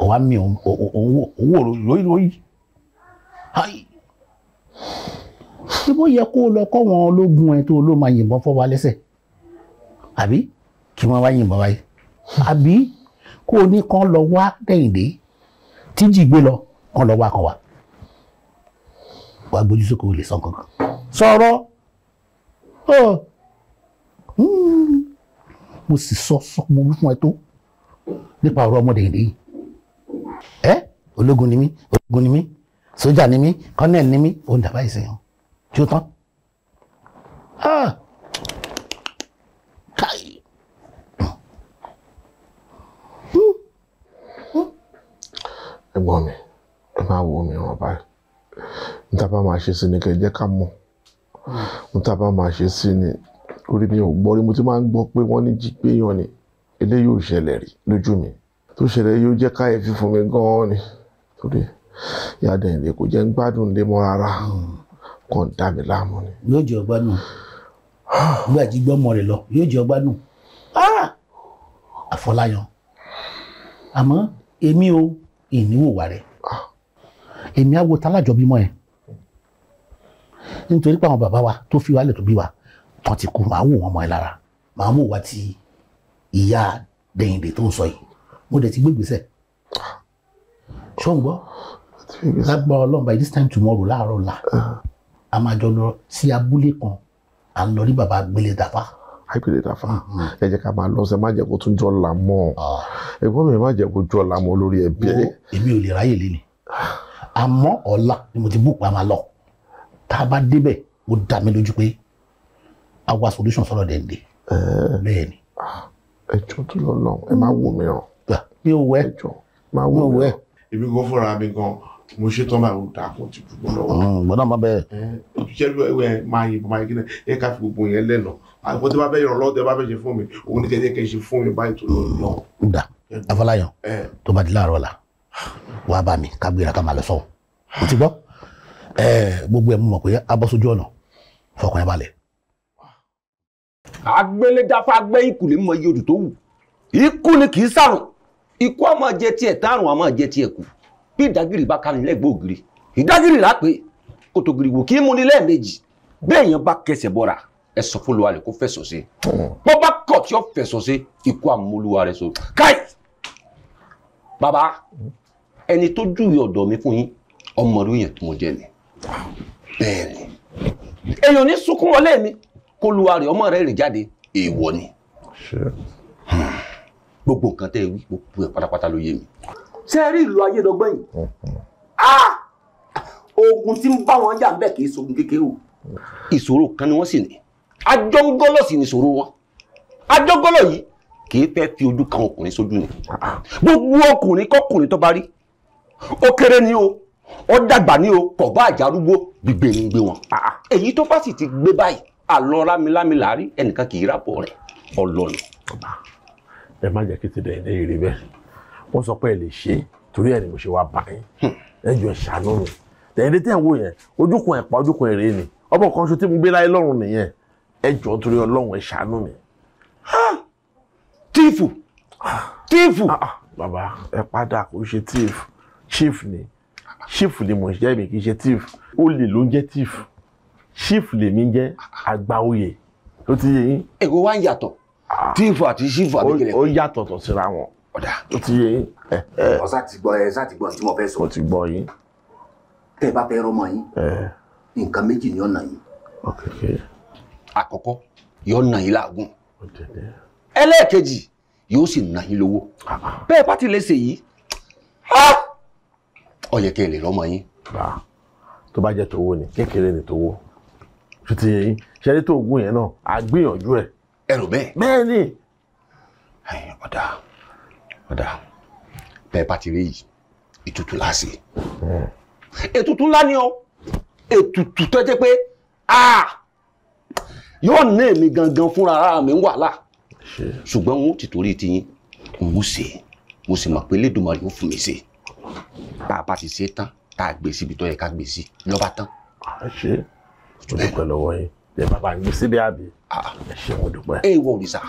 ọ̀wá mi òun wò lóyún lóyún ṣé bó yẹ kó lọ kọ́ wọn ológun ẹ̀ tó ló máa yìnbọn fọ́ wa lẹ́sẹ̀ àbí kí wọ́n wá yìnbọn wáyé àbí kó o ní kán lọ wá kẹ́hìndé tíjì gbé lọ kán lọ wá kan wá wàá gbójú sókè o lè sọ kankan sọ̀rọ̀ hmm. mo sì sọ sọ mo wí fún ẹ tó nípa ọ̀rọ̀ ọmọdé yìí ẹ ológun ni mí ológun ni mí sójà ni mí kọ́nẹ́ẹ̀lì ni mí òun dàbá tí ó tán káyì ẹ̀gbọ́n mi ẹ máa wo mi ràn báyìí níta bá máa ṣe sí ni kẹ́ jẹ́ ká mọ̀ níta bá máa ṣe sí ni orí mi ò gbọ́ rí mo ti máa ń gbọ́ pé wọ́n ní jí péyàn ni eléyìí ò ṣẹlẹ̀ rí lójú mi tó ṣẹlẹ̀ yóò jẹ́ káyẹ̀fì fún mi gan kò ń dà mí láàmú ni. yóò jẹ ọgbà nù gbé àjígbọ́ ọmọ rẹ̀ lọ yóò jẹ ọgbà nù ah! àfọláyàn àmọ́ èmi o ìníwò wà rẹ̀ ah! èmi á wo talájọ bímọ ẹ̀ nítorí pé àwọn bàbá wa tó fi wálẹ̀ tó bí wa tán ti kú màá wò wọn mọ́ ẹ lára màá wò wá ti ìyá dẹ̀yìndé tó ń sọ yìí mo dẹ̀ ti gbé ìgbésẹ̀ ah! ṣọ́ngbọ́ lágbára ọlọ́mọba this time tomorrow láàárọ̀ ọ̀la a máa jọ lọ sí abúlé kan à ń lọ rí bàbá gbélé dàfà. àgbélé dàfà mm-hmm. ẹ jẹ́ ká máa lọ sẹ má jẹ́ kó tún jọ là mọ́ ah. ẹ̀gbọ́n mi má jẹ́ kó jọ là mọ́ lórí ẹbí ẹ. èmi ò lè ráyè léni àmọ́ ọ̀la ni mo ti bú pa máa lọ tá a bá débẹ̀ ó dá mi lójú pé àwa solution sọ̀rọ̀ dẹ̀ǹdẹ̀ bẹ́ẹ̀ ni. Ah, ẹjọ́ tó lọ lọ ẹ má wò mí ràn. mi ò wẹ́ mi ò wẹ́. èmi kò fúnra mi gan-an mo ṣe tán báyìí ó dà pọ̀ ti gbogbo lọ́wọ́. Ah, gbọ́dọ̀ má bẹ́ẹ̀. ṣé ẹ máa yìnbọn máa yìnbọn ẹ ká fi gbogbo yẹn lẹ́nà àbọ̀ tí bá bẹ́ẹ̀ yọ̀rọ̀ lọ́wọ́ tí bá bẹ́ẹ̀ ṣe fún mi òun ní kẹ́kẹ́ ṣe fún mi báyìí tó lọ. da afọláyàn tó bá di láàárọ̀ la wàá bá mi ká gbéra ká máa lọ sọ́wọ́ o ti gbọ́ gbogbo ẹ̀ mú mọ̀ pé abọ́sójú ọ̀nà fọkàn ẹ̀ balẹ̀. àgbélédáfá gbé ìkùlé mọ iye odò tó wù ikú ni kì í sàrùn ikú á jẹ tiẹ̀ tárùn á jẹ tiẹ̀ kù bí ìdágìrì bá ká nílẹ̀ gbó ògiri ìdágìrì lápè kòtò gìrì wò kí mú ni lẹ́ẹ̀mejì béèyàn bá kẹsẹ̀ bọ́ra ẹ sọ fún olúwa rẹ kó fẹ̀sọ̀ sí bó bá kọ̀ tí ó fẹ̀sọ̀ sí ikú àmúlùwà rẹ so káì bàbá ẹni tó júwe ọ̀dọ̀ mi fún yín ọmọlú yẹn tó mo jẹ́ ni bẹ́ẹ̀ ni èèyàn ní sunkún wọlé mi kó lu àrè ọmọ rẹ̀ rè jáde èèwọ̀ ni hmm. gbogbo nǹkan tẹ́ ẹ wí gbogbo ẹ̀ pátápátá ló yé mi ṣé ẹ rí ìlú ayédọgbọ́n yìí mm-hmm. ah! ogun tí ń bá wọn jà bẹ́ẹ̀ kì í sogun kékeré o. ìṣòro kan ni wọ́n sì ní ajọ́ngọ́lọ̀ sì ni ìṣòro wọn ajọ́ngọ́lọ̀ yìí kì í fẹ́ fi ojú kan ọkùnrin sójú ni gbogbo ọkùnrin kọkùnrin tó bá rí ó kéré ni o ó dàgbà ni o kò bá àjárúgbó gbígbé ni gbé wọn ah, ah. èyí tó bá sì ti gbé báyìí àlọ́ lámilámi làárí ẹnìkan kì í ràpọ̀ rẹ̀ ọlọ́run. ẹ má jẹ́ kí ti dẹ̀ ẹ́ dẹ́ yìí bẹ́ẹ̀ wọ́n sọ pé ẹ lè ṣe torí ẹ̀ ni mo ṣe wá bá yín ẹ jọ ẹ ṣàánú mi tẹ̀yìndé tẹ̀ ń wò yẹn ojúkun ẹ̀ pa ojúkun ẹ̀ rèé ni ọmọ kan ṣo tí mo gbé láyé lọ́rùn nìyẹn ẹ jọ torí ọlọ́run ẹ ṣàánú mi. tíìfù tíìfù. bàbá ẹ padà kò ṣe tíìfù chief ni chief ni mo jẹ́ mi kì í ṣe tíìf olè ló ń jẹ́ tíìf chief lèmi jẹ́ àgbà oyè ló ti yé yín. èwo wá ń yàtọ̀ ah. tíìfù àti chief àbíkẹ́lẹ́. ó yàtọ̀ tọ̀ síra wọn ọ̀dà. ó ti yé yín. ọ̀sá ti gbọ́ ẹ ṣá ti gbọ́ tí mo fẹ́ sọ. mo ti gbọ́ yín. tẹ́ ẹ bá fẹ́ rọmọ yín nǹkan méjì ni ọ̀nà yín. àkọ́kọ́ yóò nà yín láàgùn ẹlẹ́ẹ̀kejì yóò sì nà yín lówó bẹ́ẹ̀ bá ti lè ṣe yìí ó yẹ kẹ́ ẹ lè rọmọ yín. tó bá jẹ́ tówó ni kékeré ni tówó tó ti yẹ yín ṣẹ́rí tó oògùn yẹn náà àgbìyànjú ẹ̀. ẹ̀rù ọ̀dà ọ̀dà bẹ́ẹ̀ bá ti rí yìí ètùtù láṣẹ hmm. ètùtù ńlá ni o ètùtù tó jẹ́ pé yóò ná èmi gangan fúnra ara mi ń wàhálà ṣùgbọ́n wọn ti torí ti yín mo ṣe mo sì mọ̀ pé Elédùmarè ó fún mi ṣe bá a bá ti ṣe tán tá a gbé síbi tó yẹ ká gbé sí lọ́ba tán. ṣe mo dúpẹ́ lọ́wọ́ yín lè bàbá gbé sílé àbí ẹ ṣe mo dúpẹ́. ẹ wọ òrìṣà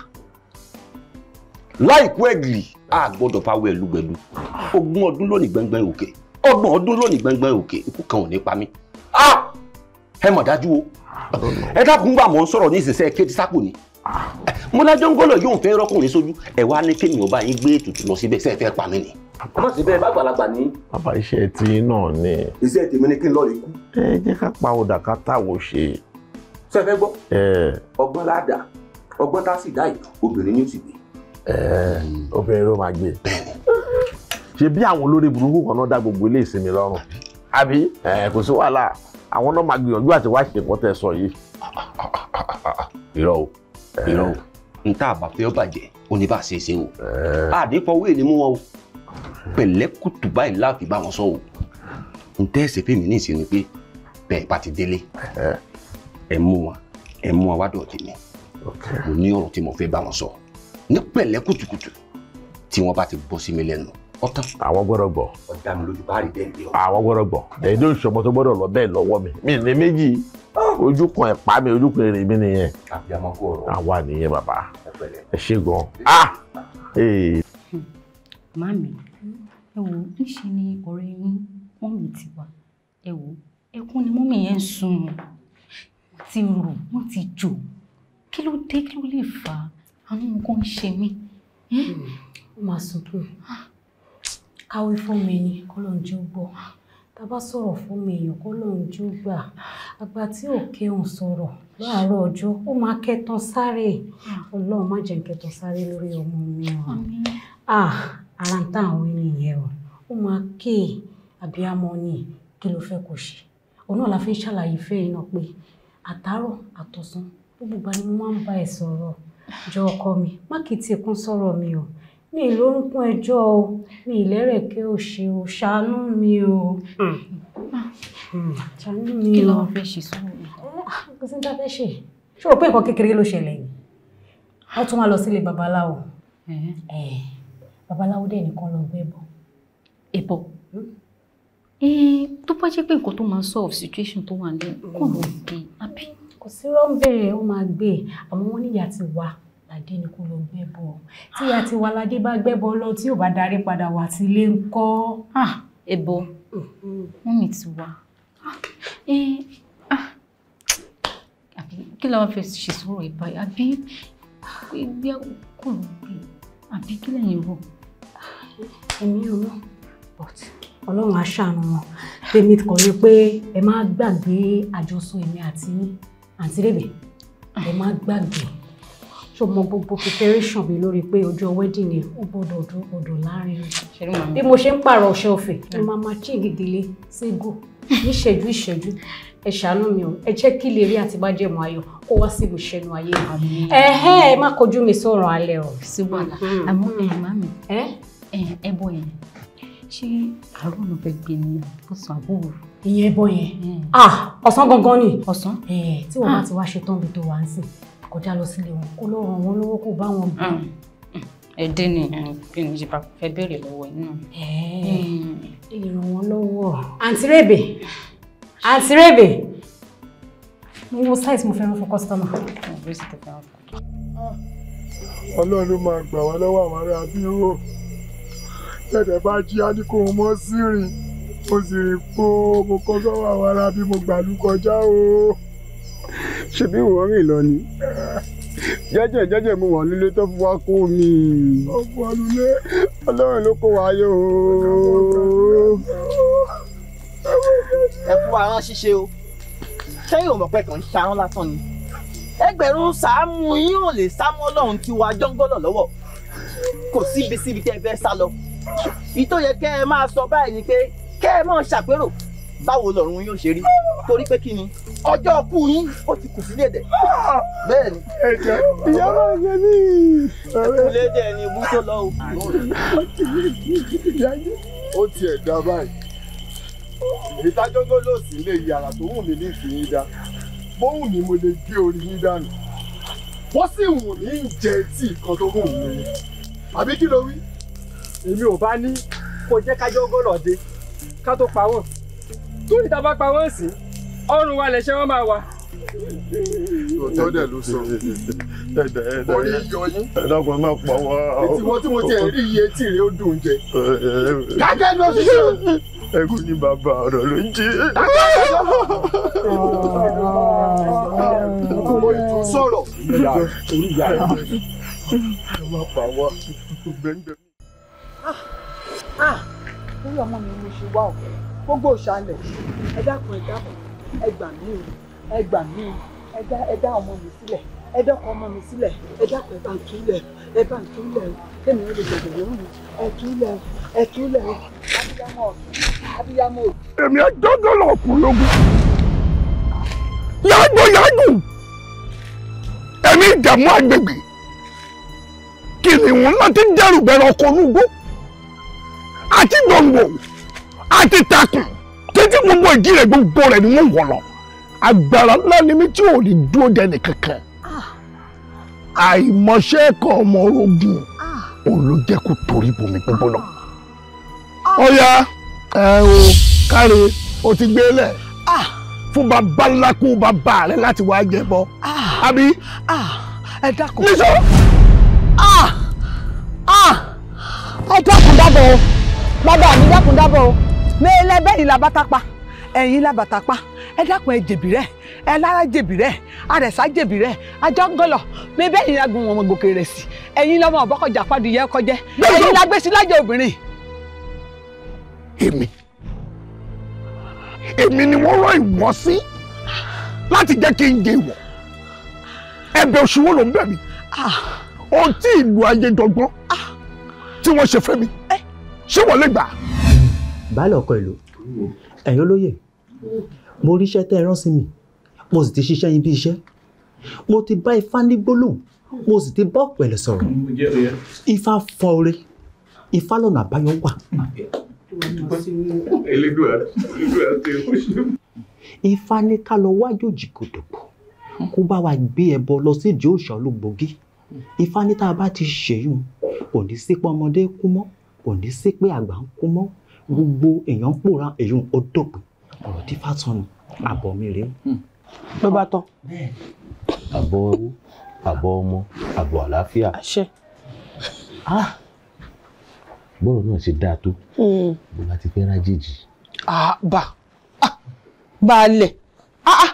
láìkú ẹ̀gìlì a gbọ́dọ̀ fáwọ́ ẹ̀lúgbẹ̀lú ogún ọdún lónìí gbẹ̀ngbẹ̀ òkè ọgbọ̀n ọdún lónìí gbẹ̀ngbẹ̀ òkè ikú kan ò ní pa mí ẹ mọ̀ dájú o ẹ dákun gbà mọ̀ ń sọ̀rọ̀ ní ìsinsẹ́ kéde sápò ni mọ́lájọ́ ń gbọ́dọ̀ yóò fẹ́ rọ́kùnrin sójú ẹ wá ní kémi ọba yín gbé ètùtù lọ síbẹ̀ sẹ́ẹ̀ fẹ́ pa mí ni. ọmọ síbẹ̀ bá gbàlagbà ní. bàbá iṣẹ́ tí náà ni. iṣẹ́ tèmi ni kí n lọ rí kú. ẹ jẹ́ ká pa ọ̀dà ká táwo ṣe. sẹ́ẹ̀ fẹ́ gbọ́ ọgbọ́n ládàá ọgbọ́n tá a sì dá yìí obìnrin ní òsì gbé obìnrin ló máa gbé ṣe bí àwọn olórí burúkú kan náà dá gbogbo ilé ìsinmi lọ́rùn àbí kò sí wàhálà àwọn náà máa gbìyànjú àti wá ṣe nǹkan tẹ́ sọ yìí. irọ́ o irọ́ o n tá a bá fẹ́ bàjẹ́ ó ní bá a ṣe é ṣe o àdìpọ̀ owó èlé mú wọn o pẹ̀lẹ́kùtù báyìí láàfin bá wọn sọ o n tẹ́ ẹ̀sẹ̀ fèmí ní ìsinmi pé bẹ́ẹ̀ bá ti délé ẹ̀ mú wọn ẹ̀ mú wọn wá dọ̀tí mi mo ní ọ̀rọ̀ tí mo fẹ́ bá wọn sọ ní pẹ̀lẹ́ kùtùkùtù tí wọ́n bá ti bọ́ sí mi lẹ́nu ọ̀tán. àwọn gbọ́dọ̀ gbọ́. ọ̀dà mi lójú bá rí bẹ́ẹ̀ bí ọ. àwọn gbọ́dọ̀ gbọ́ ẹ̀yin ló ń sọmọ tó gbọ́dọ̀ lọ bẹ́ẹ̀ lọ́wọ́ mi mi ní méjì ojú kan ẹ̀ pa mi ojú kan èrè mi nìyẹn. àwa nìyẹn bàbá ẹ ṣe gan. màmí ẹ ah! wo ńṣe ni ọ̀rẹ́ yín mọ́mì ti wà ẹ wo ẹkún ni mọ́mì yẹn ń sun wọ́n ti rò wọ́n ti jò kí ló dé kí ló lè fà á àwọn nǹkan ń ṣe mí. Hmm, ó máa sunkún káwé fọmọ ẹni kọlọ́n jí ó gbọ́ tá a bá sọ̀rọ̀ fọmọ èèyàn kọlọ́n jí ó gbà àgbà tí ò kéhùn sọ̀rọ̀ láàárọ̀ ọjọ́ ó máa kẹtàn sáré ọlọ́run má jẹ́ kẹtàn sáré lórí ọmọ mi o ara ń tà àwọn ènìyàn o ó máa ké àbíamọ ni kí ló fẹ́ kó ṣe òun náà la fi ń ṣàlàyé fẹ́ iná pé àtàárọ̀ àtọ̀sán gbogbo ìgbà ni mo máa ń bá ẹ sọ̀rọ̀ jọ ọkọ mi má kì í ti kún sọ̀rọ̀ mi o mi ì lórúkún ẹjọ́ o mi ì lẹ́rẹ̀kẹ́ ò ṣe o ṣàánú mi o hmm. Hmm. ṣàánú mi o. kí ló ń fẹ́ ṣe sọ́wọ́ mi. kò sí ní ta fẹ́ ṣe ṣé o pé nǹkan kékeré ló ṣẹlẹ̀ yìí wọ́n tún wá lọ sílé babaláwo babaláwo dẹ̀ nìkan lọ gbé bọ̀. Hmm? ẹbọ tó bá jẹ́ pé nǹkan tó máa solve situation tó wà lẹ́nu kò ló gbé àbí kò sí rọ́ńbẹ́ ó máa gbé e. àmọ́ wọ́n níyà ti wà ládé ni kó lọ gbẹ́bọ tí ìyá ti wà ládé bá gbẹ́bọ lọ tí ò bá darí padà wá sí ilé ńkọ́. Ah, ẹbọ mú mm-hmm. mi ti wá ah, eh, ah. kí ló wá fẹ́ ṣe sọ̀rọ̀ ìbá àbí ẹgbẹ́ kò ló gbé e? àbí kí lẹ́yìn rò. èmi ò mọ̀ but ọlọ́run á ṣàánú wọn tèmi kàn ní pé ẹ má gbàgbé àjọsọ èmi àti yín àǹtí rèbè ẹ má gbàgbé ṣó mọ gbogbo preparation mi lórí pé ọjọ́ wedding yẹn ó gbọ́dọ̀ dún gbọ́dọ̀ láàrin bí mo ṣe ń pààrọ̀ ọṣẹ ọ̀fẹ́ ẹ máa máa tí ìgègèlé ségò níṣẹ́jú ìṣẹ́jú ẹ ṣàánú mi o ẹ jẹ́ kí lè rí àti bá jẹ̀mọ́ ayọ̀ kó wá sí ìbùsẹ̀nu ayé ẹ̀hẹ́ ẹ má kọjú mi sọ̀rọ̀ alẹ́ o. ṣùgbọ́n àmọ́ ẹ̀ má mi ẹ̀ ẹ̀ bọ̀ yẹn ṣé àárọ̀ náà fẹ́ gbé ní ọ̀sán àbúrò. ìyẹn ẹbọ yẹn ah, ọ̀sán gangan ni. ọ̀sán tí wọ́n bá ah. ti wá ṣe tán bí tó wà ń sìn kọjá lọ sílé wọn kó lọ ràn wọn lọ́wọ́ kó bá wọn bù. ẹdẹ ah. ni bí mo ṣe bá fẹ́ béèrè lọ́wọ́ inú. ìràn wọn lọ́wọ́. àǹtí rèbè àǹtí rèbè mo wo size mo fẹ́ràn fún kọ́sítọ́mà. ọlọ́run máa gbà wá lọ́wọ́ àwọn ará abíyó tẹ̀tẹ̀ bá jí á ní kó o mọ́ sí rìn mo sì rìn po mo kọ́ sọ́wọ́ àwọn ará bí mo gbàlú kọjá o. ṣé bí wọ́n rìn lọ ni jẹ́jẹ́ jẹ́jẹ́ mo wà nílé tó fún wa kó mi. ọkọ àlùlé. ọlọ́run ló kó wa yó ẹ fún wa rán ṣíṣe o ṣé yóò mọ̀ ń ṣarán lásán ni ẹgbẹ̀rún sàámù yín ò lè sá mọ́ ọlọ́run tiwa jọ́ngọ́lọ̀ lọ́wọ́ kò síbi síbi tẹ́ ẹ fẹ́ sá lọ ìtò yẹ kẹ́ ẹ máa sọ báyìí ni pé kẹ́ ẹ máa ṣàpérò báwo lọ́rùn yóò ṣe rí torí pé kí ni ọjọ́ kú yín ó ti kù sílé dẹ̀ bẹ́ẹ̀ ni. ẹ̀jẹ̀ ìyá máa ń yẹ ní. ìkúlé dẹ̀ ni ibú tó lọ o. ó tiẹ̀ dá báyìí ìtajọ́gbọ́n ló sì lè yàrá tó wù mí ní ìfìyín dá bó wù mí mo lè gé orí yín dànù wọ́n sì wù mí ń jẹ etí nǹkan tó wù mí àbí kí ló wí èmi ò bá ní kó jẹ́ kájọ́ gọ́lọ̀ dé ká tó pa wọ́n tó ní bá pa wọ́n sí ọrùn wa lẹ̀ṣẹ̀ wọn máa wà. òótọ́ dẹ̀ ló sọ orí yọ yín ẹ̀dọ́gbọ̀n máa pọ̀ wá. ètí wọn tí mo ti rí iye tí rèé ó dùn jẹ kájẹ́ ní bàbá ọ̀rọ̀ ló ń jí. mo ìtún sọ̀rọ̀. ẹ má pa wá gbẹ̀ngbẹ̀ ah orí ọmọ mi mo ṣe wá o gbogbo ìṣàlẹ̀ ẹ dákun da dákun ẹ gbà mí o ẹ gbà mí o ẹ dá ẹ dá ọmọ mi sílẹ̀ ẹ dọ́kọ ọmọ mi sílẹ̀ ẹ dákun ẹ bá ń túlẹ̀ ẹ bá ń túlẹ̀ o èmi ò lè gbẹ̀gbẹ̀ lóhùn ẹ túlẹ̀ ẹ túlẹ̀ o abiyamọ abiyamọ. èmi á jọ́jọ́ lọ kú lógún yàgò yàgò èmi ìdààmú agbègbè kìnìún láti dẹrù bẹ̀rẹ̀ ọkọ̀ olúgbó àti gbòǹgbò àti takùn títí gbogbo ìdí rẹ̀ gbogbo rẹ̀ ni wọ́n wọ̀ lọ agbára ńlá ni mi tí ò ní dúró dẹni kankan àìmọṣẹ́ kan ọmọ ogun òun ló jẹ́ kó torí bomi gbígbóná ọ̀ya ẹ o káre o ti gbé lẹ̀ fún bàbá ńlá kú bàbá rẹ láti wá jẹbọ. àbí. ẹ dákun. níṣó. ẹ dákun dábọ̀ o bàbá mi dákun dábọ̀ o mi lẹ́bẹ̀ yìí làbátà pa ẹ̀yìn làbàtà pa ẹ dákun ẹ jèbì rẹ̀ ẹ lára jèbì rẹ̀ àrẹ̀sá jèbì rẹ̀ àjọngọlọ̀ mi bẹ́ẹ̀ yìí lagun wọn gòkè rẹ̀ sí ẹ̀yìn lọ́mọ ọ̀bọ́kọ̀jà fàdí yẹ kọjẹ́ ẹ̀yìn lagbèsí lájẹ obìnrin. èmi èmi ni wọ́n rán ìwọ sí láti jẹ́ kí n jẹ ìwọ ẹ̀bẹ̀ oṣù wo ló ń bẹ̀ mí ah. ohun tí ìlú ayé dọ́gbọ́n ah. tí wọ́n ṣe fẹ́ mi. Eh ṣé wọ́n lè gbà. baálé ọkọ ìlú ẹ̀yin olóyè mo ríṣẹ́ tẹ́ ẹ rán sí mi mo sì ti ṣiṣẹ́ yín bí iṣẹ́ mo ti bá ifá ní gbólóhùn mo sì ti bá ọ̀pẹ̀lẹ̀ sọ̀rọ̀ ifá fọ ore ifá lọ́nà àbáyọ wà. ifá ní ká lọ wájòjì kòtòkò kó bá wa gbé ẹbọ lọ sí ìdí òòṣà ológbòógì ifá ní tá a bá ti ṣèyún kò ní sí pọ́nmọdé kú mọ́ kò ní sí pé àgbà ń kú mọ́ gbogbo èèyàn ń pòórá èèyàn ó dòpin ọ̀rọ̀ tí fàtọ́nù àbọ̀ mi rèé. ló bá tán. àbọ̀ owó àbọ̀ ọmọ àbọ̀ àlàáfíà. àṣẹ. Ah! bọ́ọ̀rọ̀ náà ṣe dáa tó hmm. bó bá ti fẹ́ rájèjì. àbà ah, baálẹ̀ ah,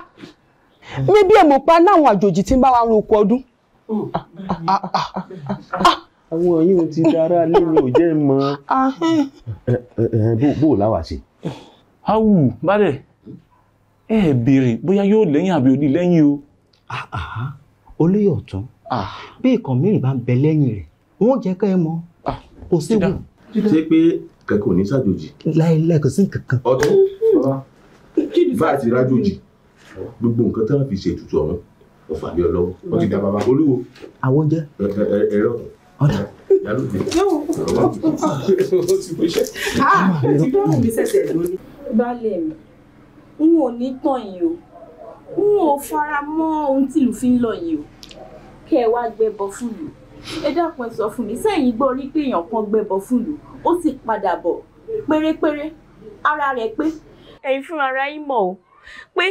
mi bí èmọ̀ pa náwọn àjòjì tí ń bá wa ro oko ọdún. Hmm àwọn yìí ti dára lé mi ò jẹ́ mọ́ bó o láwà sí. awù bàdẹ̀ ẹ ẹ béèrè bóyá yóò lẹ́yìn àbí òní lẹ́yìn o. olóyè ọ̀tún bí ìkàn mìíràn bá ń bẹ lẹ́yìn rẹ̀ wọ́n jẹ́ ká ẹ mọ̀ kò séwu. ṣé pé kẹ̀kẹ́ ò ní ṣàjòjì. láìláì kò sí kankan. ọ̀tún bá a ti rájòjì gbogbo nǹkan tí wọ́n fi ṣètùtù ọ̀hún ọ̀fà lé ọ lọ́wọ́ wọ́n ti olúwo. àwọn jẹ́. ẹ̀rọ ọ̀dà. balẹ̀ mi n ò ní tàn yín o n ò fara mọ́ ohun tí ìlú fi ń lọ yìí o kẹ́ ẹ wá gbẹ́bọ fúlù ẹ dákun ẹ sọ fún mi sẹ́yìn gbọ́ rí pé èèyàn kan gbẹ́bọ fúlù ó sì padà bọ̀ pérépéré ara rẹ̀ pé ẹ̀yin fún ara yín mọ̀ o pé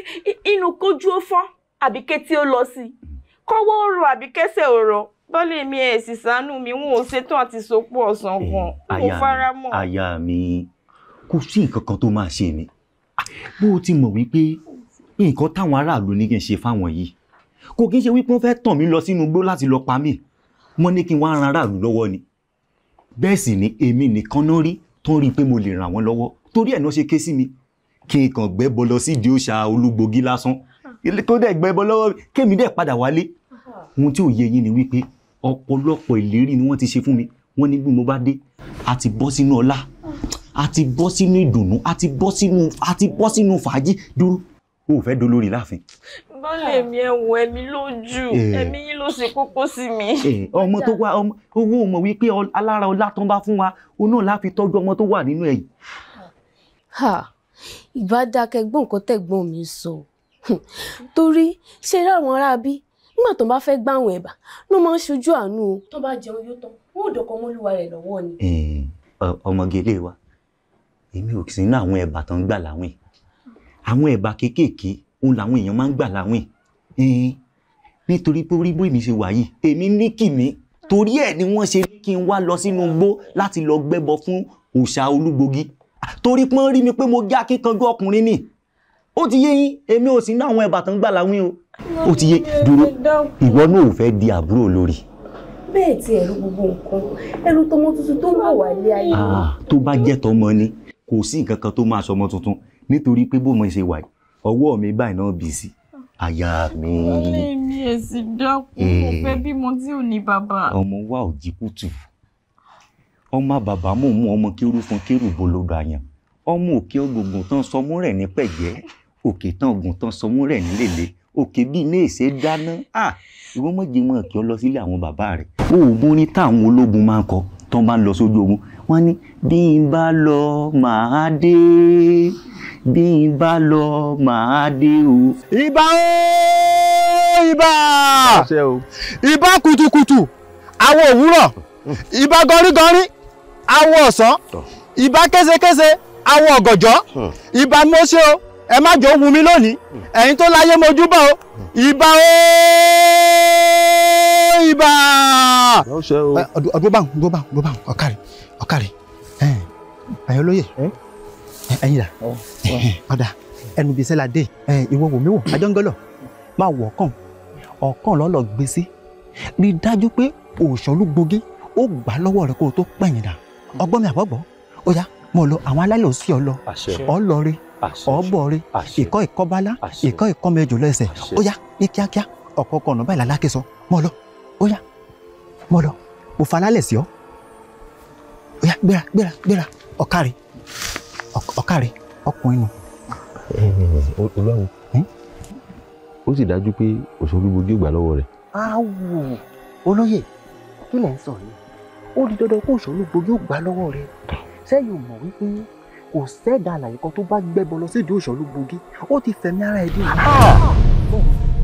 inú kójú ó fọ́ àbí kétí ó lọ sí kọ́wọ́ ó rọ àbí kẹ́sẹ̀ baálé mi ẹ̀ sì ṣàánú mi wọn ò ṣetán àti sopọ̀ ọ̀sán kan mo fara mọ́. aya mi kò sí nǹkan kan tó máa ṣe mi bó o ti mọ̀ wípé nǹkan táwọn aráàlú ní kí n ṣe fáwọn yìí kò kí n ṣe wípé wọ́n fẹ́ tàn mí lọ sínú igbó láti lọ pa mí wọ́n ní kí n wá ran aráàlú lọ́wọ́ ni bẹ́ẹ̀ sì ni èmi nìkan náà rí tó ń rí i pé mo lè ràn wọ́n lọ́wọ́ torí ẹ̀ náà ṣe ké sí mi kí n kàn gbẹ́bọ lọ sí ìdíòṣà olúgbògi lásán kó dẹ̀ gbẹ́bọ lọ́wọ́ kémi dẹ̀ padà wálé ohun tí ò yé yín ni wípé ọ̀pọ̀lọpọ̀ ìlérí ni wọ́n ti ṣe fún mi wọ́n ní bí mo bá dé a ti bọ́ sínú ọlá a ti bọ́ sínú ìdùnnú a ti bọ́ sínú a ti bọ́ sínú fàájì dúró o ò fẹ́ dolórí láàfin. bọ́lẹ̀ mi ẹ wo ẹ̀mí lójú eh. ẹ̀mí yín ló ṣe kókó sí mi. Eh, ọmọ tó wá owó ọmọ wípé alára ọlá tán bá fún wa òun náà la fi tọ́jú ọmọ tó wà nínú ẹ̀yìn. ìbá dákẹ́ gbọ́n nǹkan tẹ̀gbọ́n mi sọ torí ṣé ráwọn aráabí nígbà tó bá fẹ́ gbàwọn ẹ̀bà ló máa ń ṣojú àánú o tó bá jẹun yóò tán wọn ò dọ̀kọ̀ mọ́lúwa rẹ̀ lọ́wọ́ ni. ọmọge ilé wa èmi ò sí ní àwọn ẹ̀bà tó ń gbà láwìn àwọn ẹ̀bà kéékèèké òun làwọn èèyàn máa ń gbà láwìn nítorí pé orí bó èmi ṣe wà yìí èmi ní kìmí torí ẹ̀ ni wọ́n ṣe ní kí n wá lọ sínú igbó láti lọ gbẹ́bọ fún òòṣà olúgbogi torí pọ́n rí mi pé mo jẹ́ akíkanjú ọkùnrin ni ó ti yé yín èmi ò sí ní àwọn ẹ̀bà tó ń gbà láwìn o ó ti yé dúró ìwọ náà ò fẹ́ di àbúrò olórí. bẹ́ẹ̀ ti ẹ̀rú gbogbo nǹkan ẹ̀rú tọmọ tuntun tó wà wà lé ayé. tó bá jẹ́ tọmọ ni kò sí nǹkan kan tó máa sọmọ tuntun nítorí pé bó mo ṣe wà ọwọ́ mi báyìí náà bì sí àyà mi. ọlẹ́ mi èsì dákun mo eh. fẹ́ bímọ tí ò ní bàbá. ọmọ wa ò jí kùtù ọmọ bàbá mò ń mú ọmọ kérú fún kérú bolodo àyàn ọmọ òkè ọgùngùn tán sọmú rẹ̀ ní pẹ̀jẹ́ òkè tán ọgùn tán sọmú rẹ̀ ní lèlè òkè bíi ilé ìṣe dáná ìwọ mọ̀jì mọ̀ kí ọ lọ sílé àwọn bàbá rẹ̀ oògùn ní táwọn ológun máa ń kọ tó ń bá ń lọ sójú ogun wọ́n ní bí n bá lọ màá dé bí n bá lọ màá dé o. ìbà o ìbà ìbà kùtùkùtù àwọ̀ òwúrọ̀ ìbà gọrígọrí àwọ̀ ọ̀sán ìbà késekése àwọ̀ ọ̀gànjọ́ ìbà mọ́ṣẹ́ o ẹ má jọ wù mí lónìí ẹ̀yin tó láyé mojúbà o ìbà o ìbà. ọdún báwọn ọdún báwọn ọdún báwọn ọ̀kàrí ọ̀kàrí ẹ̀yin olóyè ẹ̀yin là ọ̀dà ẹnu bíi sẹ́la dé ìwọ wò mí wò ajọ́ngọ́lọ̀ máa wọ̀ ọ̀kan ọ̀kan lọ́lọ́ gbé sí rí i dájú pé òòṣàn olúgbogé ó gbà lọ́wọ́ rẹ̀ kó o tó pẹ̀yìn dà ọgbọ́n mi àbọ̀gbọ́ ó yá mo lọ àwọn alálẹ̀ ò sí ọ lọ ọ lọ rí i ọ̀ọ́bọ̀ọ́rẹ́ ìkọ́ ìkọ́bálá ìkọ́ ìkọ́mẹjọ lẹ́sẹ̀ ó yá ní kíákíá ọ̀kọ̀ọ̀kan ọ̀nà báyìí làlákè sọ mọ́ lọ ó yá mọ́ lọ mo falálẹ̀ sí ọ ó yá gbéra gbéra gbéra ọ̀kárẹ̀ ọ̀kárẹ̀ ọkùnrin nù. olùwàwò ó sì dájú pé òṣò bíbo dé ògbà lọ́wọ́ rẹ̀. awo olóyè kí lẹ ń sọ yìí ó di dandan kó òṣò bíbo yóò gbà lọ́wọ́ rẹ̀ sẹ́yìn mọ̀ wípé kò sẹ́ẹ̀dá àlàyé kan tó bá gbẹ́bọ lọ sídìí òṣòlù gbogi ó ti fẹ̀mí ara ẹ̀ dé.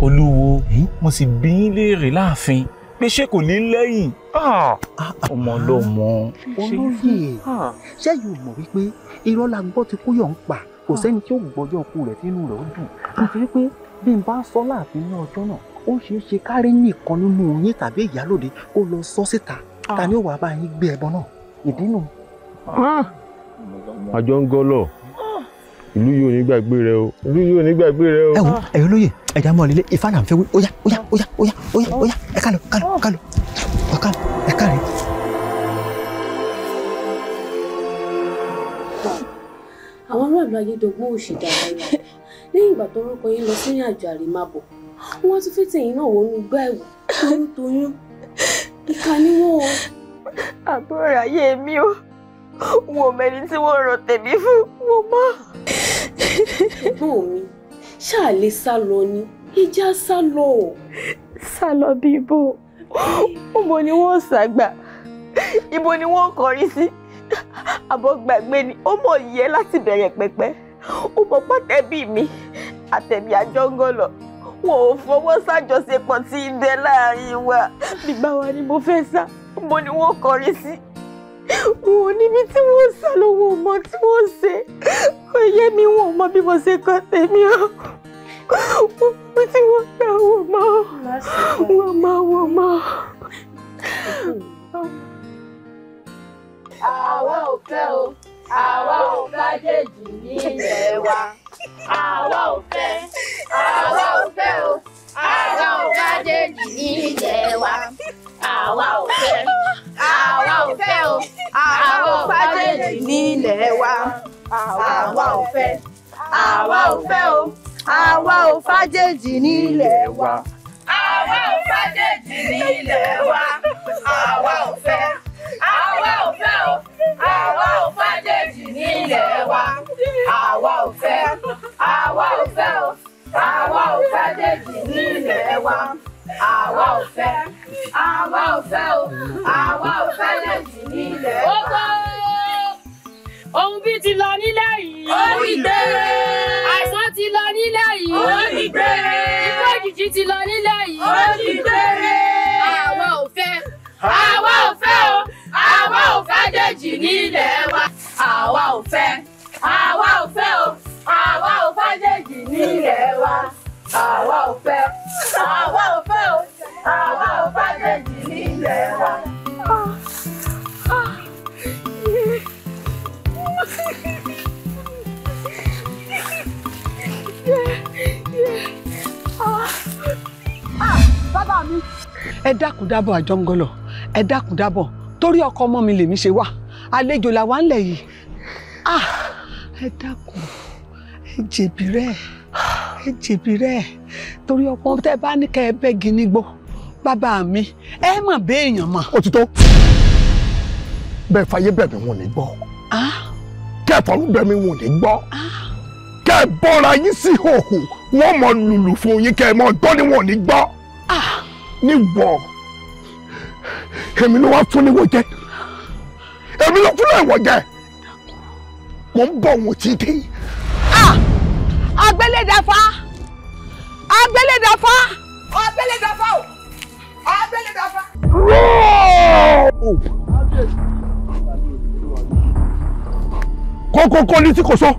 olúwo mo sì bí yín léèrè láàfin pé ṣé kò ní lẹ́yìn ọmọ ọlọ́mọ. olóyè ṣé yóò mọ̀ wípé irọ́ la gbọ́ ti kúyọ̀ ń pa kò sẹ́ni tí ó gbọ́jọ́ ọkù rẹ̀ tínú rẹ̀ ó dùn nítorí pé bí n bá sọ láàfin ní ọjọ́ náà ó ṣeé ṣe kárí nìkan nínú yín tàbí ìyálòde kó lọ sọ síta ta ni ó wàá bá yín gbé ẹbọ náà ìdí nù. Ah! àjọngọlọ ìlú yìí ò ní gbàgbé rẹ o ìlú yìí ò ní gbàgbé rẹ o. ẹ wo ẹyọ lóye ẹja mọ lílé ifá là ń fẹ́ wí Oya. óyá óyá óyá óyá óyá ẹ ká lọ ká lọ ká lọ ọkà ẹ ká rẹ. àwọn aráàlú ayédògbón òsì dáadáa yà lẹ́yìn ìgbà tó rúkọ yín lọ sí ìrìn àjò àrèmábọ̀ wọ́n tún fi tẹ̀yìn náà wọnú gbá ẹ̀wò toyún toyún ìkànnì wọn o. àbúrò ayé mi o wọn ò mẹni tí wọ́n rọ tèmi fún wọn mọ́. ẹ̀gbọ́n mi ṣáà lè sá lọ ni ìjà sá lọ. sá lọ bí ibo ibo ni wọ́n ṣàgbà ibo ni wọ́n kọrí sí àbọ̀ gbàgbé ni ó mọ̀ yẹ láti bẹ̀rẹ̀ pẹ̀pẹ́ ó mọ̀ pàtẹ́bí mi àtẹ̀mí àjọngọ̀lọ̀ wọn ò fọwọ́ ṣàjọṣepọ̀ tí ń bẹ láàrin wa bíbá wa ni mo wọn ò níbi tí wọ́n sá lọ́wọ́ ọmọ tí wọ́n ṣe kò yé mi wọn ò mọ bí mo ṣe kọ́ tèmi o wọn tí wọ́n gbà wọ́n mọ́ wọ́n mọ́ wọ́n mọ́. àwa ò fẹ́ o àwa ò fàjèjì ní wa àwa ò fẹ́ àwa ò fẹ́ o àwa ò fàjèjì ní wa àwa ò fẹ́ àwa ò fẹ́ o àwa ò fàjèjì nílẹ̀ wa àwa ò fẹ́ àwa ò fẹ́ o àwa ò fàjèjì nílẹ̀ wa àwa ò fàjèjì nílẹ̀ wa àwa ò fẹ́ àwa ò fẹ́ o àwa ò fàjèjì nílẹ̀ wa àwa ò fẹ́ àwa ò fẹ́ o àwa ò fàjèjì nílẹ̀ wa àwa ò fẹ́ àwa ò o àwa ò fẹ́ lẹ́jì ní ilẹ̀ wa. ohun bí ti lọ nílẹ̀ yìí. ó ní gbére. àìsàn ti lọ nílẹ̀ yìí. ó ní gbére. ikú òjijì ti lọ nílẹ̀ yìí. ó ní gbére. àwa ò àwa ò o àwa ò fẹ́ dèjì wa. àwa ò fẹ́ àwa ò o àwa ò fẹ́ dèjì wa àwa ò fẹ́ àwa ò fẹ́ o àwa ò fàjèjì nílẹ̀ wa. bàbá mi. ẹ dákun dábọ̀ àjọngọlọ ẹ dákun dábọ̀ torí ọkọ ọmọ mi lèmi ṣe wà àlejò làwa ń lẹ̀ yìí ah, ẹ dákun ẹ jèbí rẹ̀ ẹ jèbi rẹ̀ torí ọ̀pọ̀ tẹ́ bá ní kẹ́ ẹ bẹ́ gini gbó bàbá mi ẹ mọ̀ béèyàn mọ̀. ó ti tó bẹ́ẹ̀ fàyè bẹ̀ mí wọn ní gbọ́ kẹfọ́ ń bẹ̀ mí wọn ní gbọ́ kẹ bọ́ra yín sí hòhò wọ́n mọ lùlù fún yín kẹ mọ gbọ́ ni wọn ní gbọ́ ní wọ̀ èmi ló wá fún níwọ̀ jẹ́ èmi ló fún níwọ̀ jẹ́ mo ń bọ̀ wọ́n títí agbélédàfá agbélédàfá agbélédàfá o agbélédàfá. kókókó ní tí kò sọ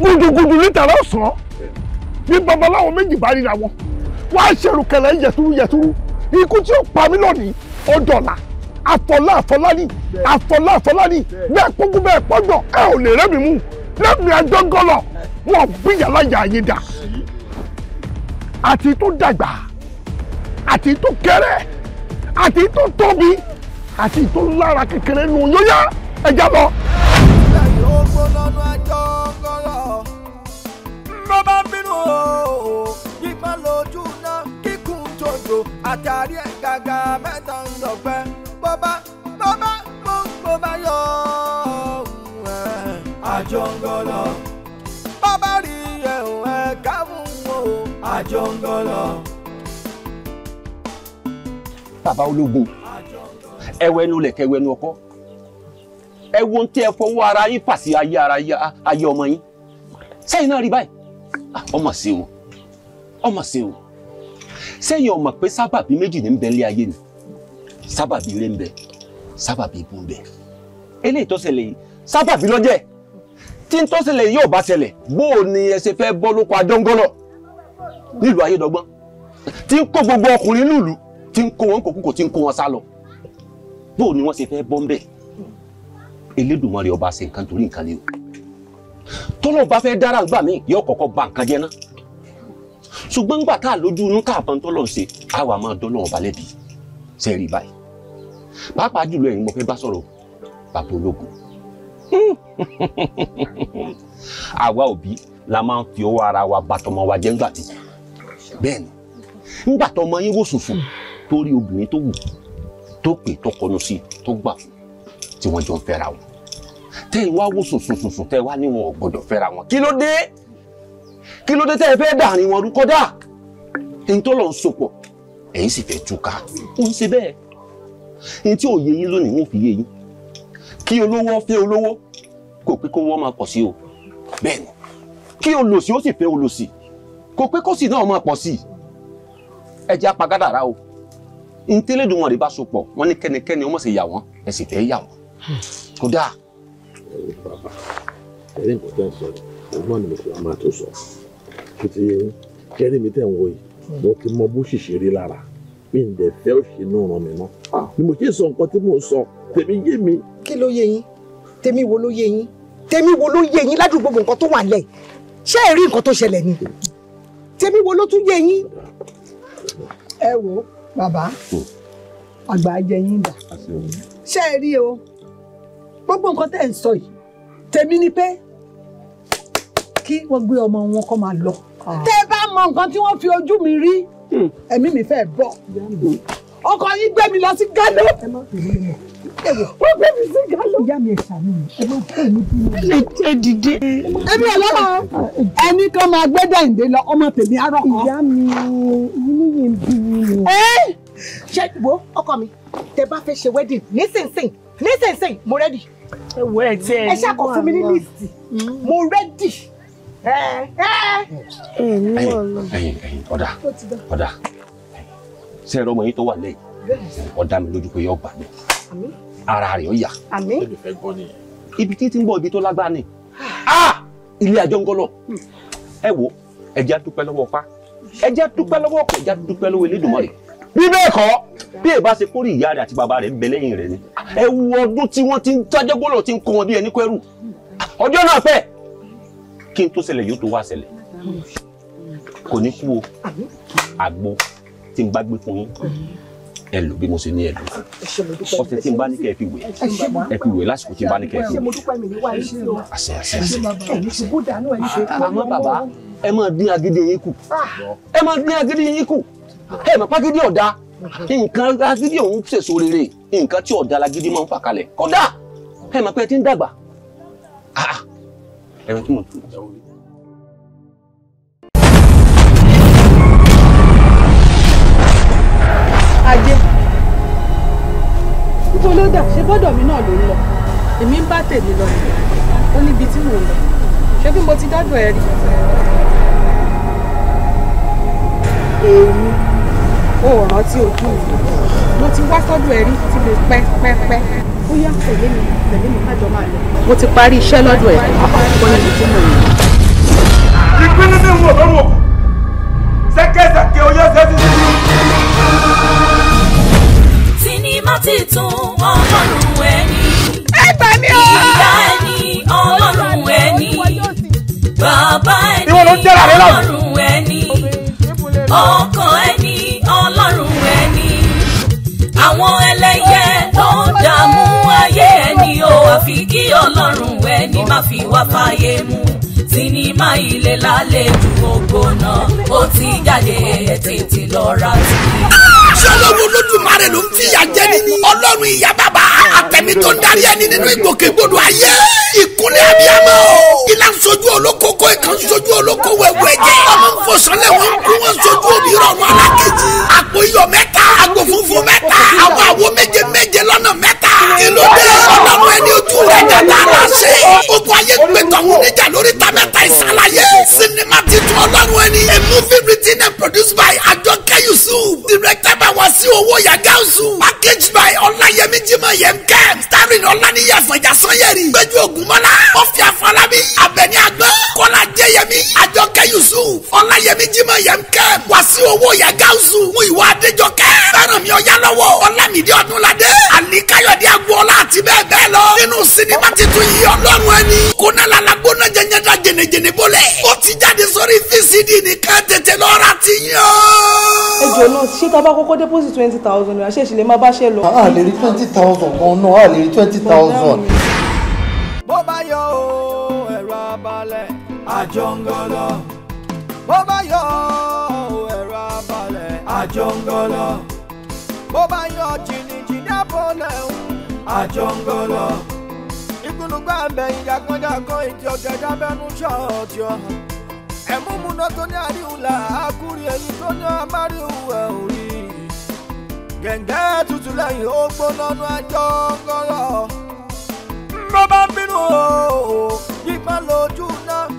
gudugudu níta lọ sàn bí babaláwo méjì bá ríra wọn wàá ṣerú kẹlẹ yẹtúrú yẹtúrú ikú tí ó pa mí lónìí ó dọ̀là àfọlá àfọlá ni àfọlá àfọlá ni bẹ́ẹ̀ kúkú bẹ́ẹ̀ pọ́jọ ẹ ò lè rẹ́mi mú lẹ́mìí Àjàngọ́lọ̀ wọn ò bí yàrá yà yín dà àti tó dàgbà àti tó kéré àti tó tóbi àti tó lára kékeré nù yóyá ẹja lọ. ló bínú o ipa lójú náà kíkún tòjò àtàrí ẹ̀ gàgà mẹ́ta ń dọ̀gbẹ́ bọ́bá. àjọngọlọ. bàbá rí ẹ̀hún ẹ̀ káwọn wò ó àjọngọlọ. bàbá ológun ẹwẹ́nu lẹ̀kẹ́ ẹwẹ́nu ọkọ́ ẹ wo ohun tí ẹ fọwọ́ ara yín fà sí ayé ara ayé ọmọ yín sẹ́yìn náà rí báyìí ah, ọmọ sí o ọmọ sí o sẹ́yìn ọmọ pé sábàbí méjì ní ń lé ayé ni sábàbí ilé ń bẹ sábàbí ibú ń bẹ eléyìí tó ṣẹlẹ̀ yìí sábàbí ló tí n tó ṣẹlẹ̀ yóò bá ṣẹlẹ̀ bó o ní ẹ ṣe fẹ́ bọ́ lóko adóngọ́lọ̀ nílùú ayédọ́gbọ́n tí ń kó gbogbo ọkùnrin nílùú tí ń kó wọn kò kúkò tí ń kó wọn sá lọ bó o ní wọ́n ṣe fẹ́ bọ́ ń bẹ̀ Elédùmarè ọba ṣe nǹkan torí nǹkan ni o tọ́lọ́ bá fẹ́ dára gbà mí yóò kọ́kọ́ ba nǹkan jẹ́ ná ṣùgbọ́n gbà tá a lójú inú káàbọ̀n tọ́lọ̀ ń ṣe á wà máa dọ́lọ́ ọba lẹ́bi sẹ́ẹ̀rì báyìí pàápàá jùlọ ẹ̀yin mo fẹ́ bá sọ̀rọ̀ bàbá ológun àwa òbí la máa ń fi owó ara wa bàtọmọ wa jẹ́ ńgbà tí bẹ́ẹ̀ ni ńgbà tọmọ yín wò sùnfùn torí obìnrin tó wù tó pè tó kọnu sí tó gbà fún tí wọ́n jọ ń fẹ́ra wọn tẹ́ ẹ wá wò sùnsùnsùn tẹ́ ẹ wá ní wọn ò gbọ́dọ̀ fẹ́ra wọn kí ló dé kí ló dé tẹ́ ẹ fẹ́ dàrin wọn rú kọ́dà ẹni tó lọ ń sopọ̀ ẹ̀yin sì fẹ́ túká ó ń ṣe bẹ́ẹ̀ ẹni tí ò yé yín lónìí wọn ò fi yé yín kí olówó fẹ́ olówó kò pé kó máa pọ̀ sí o bẹ́ẹ̀ ni kí olòṣì ó sì fẹ́ olòṣì kò pé kó sì náà máa pọ̀ sí i ẹ apagádà rà o ntẹ́lẹ́dùnmọ̀rẹ́ bá so pọ̀ wọ́n ní kẹ́nikẹ́ni ó mọ̀ sí yà wọ́n ẹ sì fẹ́ yà wọ́n kò dáa. ẹ̀rí nǹkan tẹ́ ń sọ ọgbọ́n ni mo fi máa tó sọ kí ti kẹ́rí mi tẹ̀ ń wọ yìí mo ti mọ bó ṣìṣe rí lára bí ǹdẹ̀ fẹ́ òṣèlú ràn mí mọ́ bí mo ṣe sọ nǹkan tí mò ń sọ tèmi yé mi. kí ló yé yín tèmi wo ló yé yín tèmi wo ló yé yín ládùúgbò nǹkan tó wà lẹ̀ ṣé ẹ rí nǹkan tó ṣẹlẹ̀ ni tèmi wo ló tún yé yín. ẹ wo bàbá àgbà jẹ yín dà ṣé ẹ rí o gbogbo nǹkan tẹ̀ ń sọ yìí tèmi ni pé kí wọ́n gbé ọmọ wọn kó máa lọ tẹ́ bá mọ nǹkan tí wọ́n fi ojú mi rí ẹ̀mí mi fẹ́ bọ̀ ọkọ yín gbé mi lọ sí gánà wọ́n gbé mi sí gálọ́. ìyá mi ẹ̀ sàmì mi ẹ máa kọ́ mi bí mi. ẹ jẹ́ dìde. ẹbí ọlọ́mọ ẹni kan máa gbé dẹ̀yìndé lọ ọmọ tèmi arọ kan. ìyá mi inú yẹn ń bí mi ni. ṣe wo ọkọ mi tẹ bá fẹ́ ṣe wedding nísinsìnyí nísinsìnyí mo rẹ́dì. ẹ wọ ẹ tí ẹ. ẹ ṣàkọ fún mi ní líìsì mo rẹ́dì. ẹyin ẹyin ẹyin ọ̀dà ọ̀dà ṣé ẹ rọmọ yín tó wà lẹ́yìn ọ̀dà mi lójú pé yọ gbà mí ara rẹ̀ ó yà. àmín ibi tí ti ń bọ̀ ibi tó lágbára ni ah! Ah! ilé àjọ ń gọ́lọ̀ hmm. ẹ wo ẹ jẹ́ á dúpẹ́ lọ́wọ́ pa ẹ jẹ́ á dúpẹ́ lọ́wọ́ ọ̀pọ̀ ẹ jẹ́ á dúpẹ́ lọ́wọ́ Elédùmarè bí bẹ́ẹ̀ kọ́ bí èbá ṣe kórè ìyá rẹ̀ àti bàbá rẹ̀ ń bẹ lẹ́yìn rẹ̀ ni ẹ wo ọdún tí wọ́n ti ń tájọ́ gbọ́dọ̀ ti ń kọ́ wọn bí ẹni kẹ́rù ọjọ́ náà pẹ́ kí n tó ṣẹlẹ̀ yóò tó wá ṣẹlẹ̀ kò ní kú o àgbo tí n bá fún yín ẹ lò bí mo ṣe ní ẹ lò ọ̀sẹ̀ tí n bá ní kẹ́ ẹ fi wẹ̀ ẹ fi wẹ̀ lásìkò tí n bá ní kẹ́ ẹ fi wẹ̀ àṣẹ àṣẹ àṣẹ. àmọ́ bàbá ẹ máa dín agídí yín kù ah. ẹ máa dín agídí yín kù ẹ máa pàgídí ọ̀dà mm-hmm. nǹkan agídí òun ṣèso rere nǹkan tí ọ̀dà lagídí máa ń fà kalẹ̀ kódà ẹ máa pẹ́ tí ń dàgbà ah, ah. ẹ̀rọ tí mo tún. mọ́tò ló dà ṣe bọ́dọ̀ mi náà ló ń lọ èmi ń bá tèmi lọ ó níbi tí mò ń lọ ṣé bí mo ti dádùn ẹ rí. èmi ò rántí ojú mi mo ti wá sọ́dọ̀ ẹ rí tí mo pẹ́ pẹ́ pẹ́ ó yá mi tẹ̀lé mi kájọ máa lọ. mo ti parí iṣẹ́ lọ́dọ̀ ẹ̀ ó níbi tí mò ń ìpínlẹ̀ ní ìwọ̀n lọ́rùn òkú ṣẹ́kẹ́ṣẹ́kẹ́ oyè ṣẹ́ṣẹ́ ṣẹ́ṣẹ́ ẹni má ti tún ọlọ́run ẹni. ẹ gbà mí o. ìyá ẹni ọlọ́run ẹni. bàbá ẹni ọlọ́run ẹni. ọkọ ẹni ọlọ́run ẹni. àwọn ẹlẹ́yẹ ló dààmú ayé ẹni o àfi kí ọlọ́run ẹni má fi wá fàyè mu sinimá ilé lálejò ògbóná ó ti jáde ẹ̀ tètè lọ́ra sí i. ṣọlọ́run olódùmarè ló ń fìyà jẹ nínú ọlọ́run ìyá bàbá àtẹ̀mí tó ń darí ẹni nínú ìgbòkègbodò ayé ìkúnlẹ̀ abiyamọ. iná ń sojú olókoko ìkan sojú olóko wẹ̀wẹ̀ jẹ́. ọmọ ń fòsànlẹ̀ wọn kú wọn sojú omi rọrùn alákejì. àpò iyọ̀ mẹ́ta àgbò funfun mẹ́ta àwọn àwo méje méje lọ́nà mẹ́ta. kí dé ọlọ́run ẹni ojú rẹ̀ dàda aláṣẹ. ogun ayé gbẹtọ̀ ọ̀hún níjà lórí tamẹ́ta ìsàlàyé. sinimá titun ọlọ́run ẹni. a tí owó yẹ gáúsù. package by ọláyẹmí jimá yẹn kẹ́. starring ọláníyẹ fẹjà sanyẹri. gbẹjú ogunmọ́lá. ọ̀fíà falabi. abẹni àgbẹ̀. kọ́lá jẹyẹmí. àjọ yẹ yusuf ọláyẹmí jimá yẹn kẹ wàsí owó yẹ gáwusu mú ìwà adéjọkẹ́ fẹ́ràn mi ọ̀yá lọ́wọ́ ọlámídé ọdúnládé àníkáyọ̀dé agboola àti bẹ́ẹ̀ bẹ́ẹ̀ lọ nínú sinimá titun yìí ọlọ́run ẹni kónálà lagbóná jẹnyẹdá jẹnẹjẹnẹ bọ́lẹ̀ ó ti jáde sórí vcd nìkan tètè lọ́ra ti yàn. ẹ jọ̀ọ́ náà ṣé tá a bá kọ́kọ́ deposit twenty thousand naira ṣé ìṣẹ̀lẹ̀ máa bá ṣe lọ. a lè rí twenty thousand kan náà a lè rí twenty thousand. bó bá yọ ẹ̀rọ abalẹ̀ àjọngọlọ. bó bá yọ ẹ̀rọ abalẹ̀. àjọngọlọ. bó bá yọ jìnnìjìnnà bọ́lẹ̀ ń. àjọngọlọ. ìgbónúgbà bẹ̀ ìjàgbọ́njàgbọ́n ìdí ọ̀gẹ̀ dábẹ́nu ṣọ́ọ̀tì ọ̀hún. ẹ̀múmúná tó ní àríwúlà àkúrí èyí tó ní amáríwú ẹ̀ òrí. gẹ̀ǹgẹ́ tutù lẹ́yìn ó gbóná nu àjọngọlọ. bó bá ń bínú o yípa lójú náà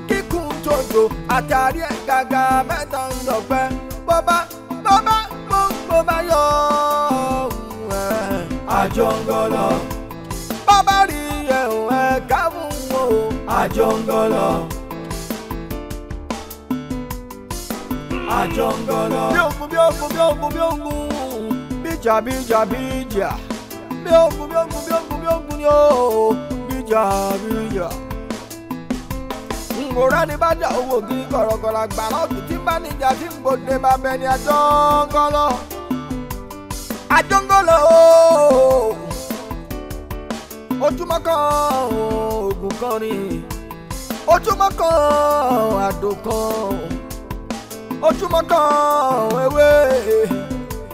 tòjò àtàrí ẹ̀ gàgà mẹ́ta ń dọ̀pẹ́ bọ́bá bọ́bá gbogbo bá yọ ohun ẹ̀ àjọngọlọ. bọ́bá rí ẹ̀hún ẹ̀ káwọn wo àjọngọlọ. àjọngọlọ. bí ogun bí ogun bí ogun bí ogun bíjà bíjà bíjà bí ogun bí ogun bí ogun bí ogun ni ó bíjà bíjà ìmọ̀ra ni bá jà owó kí kọ̀rọ̀kọ̀ la gbà tí bá níjà tí ń gbòde bá bẹ ní àjọngọ́lọ́. àjọngọ́lọ́ ojúmọ́ kan oògùn kan ni ojúmọ́ kan àdó kan ojúmọ́ kan ewé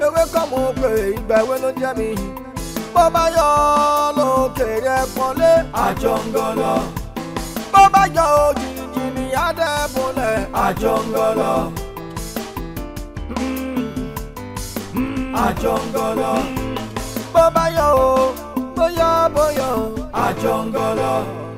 ewé kan mo pè ìgbà ewé ló jẹ́ mi bọ́ bá yọ lókèrè ẹ̀pọ̀n lé àjọngọ́lọ́ bó bá jọ òjijì ní adébúlẹ̀ àjọngọlọ. Mm. àjọngọlọ. Mm. bó bá yọ o bóyá bóyá o àjọngọlọ.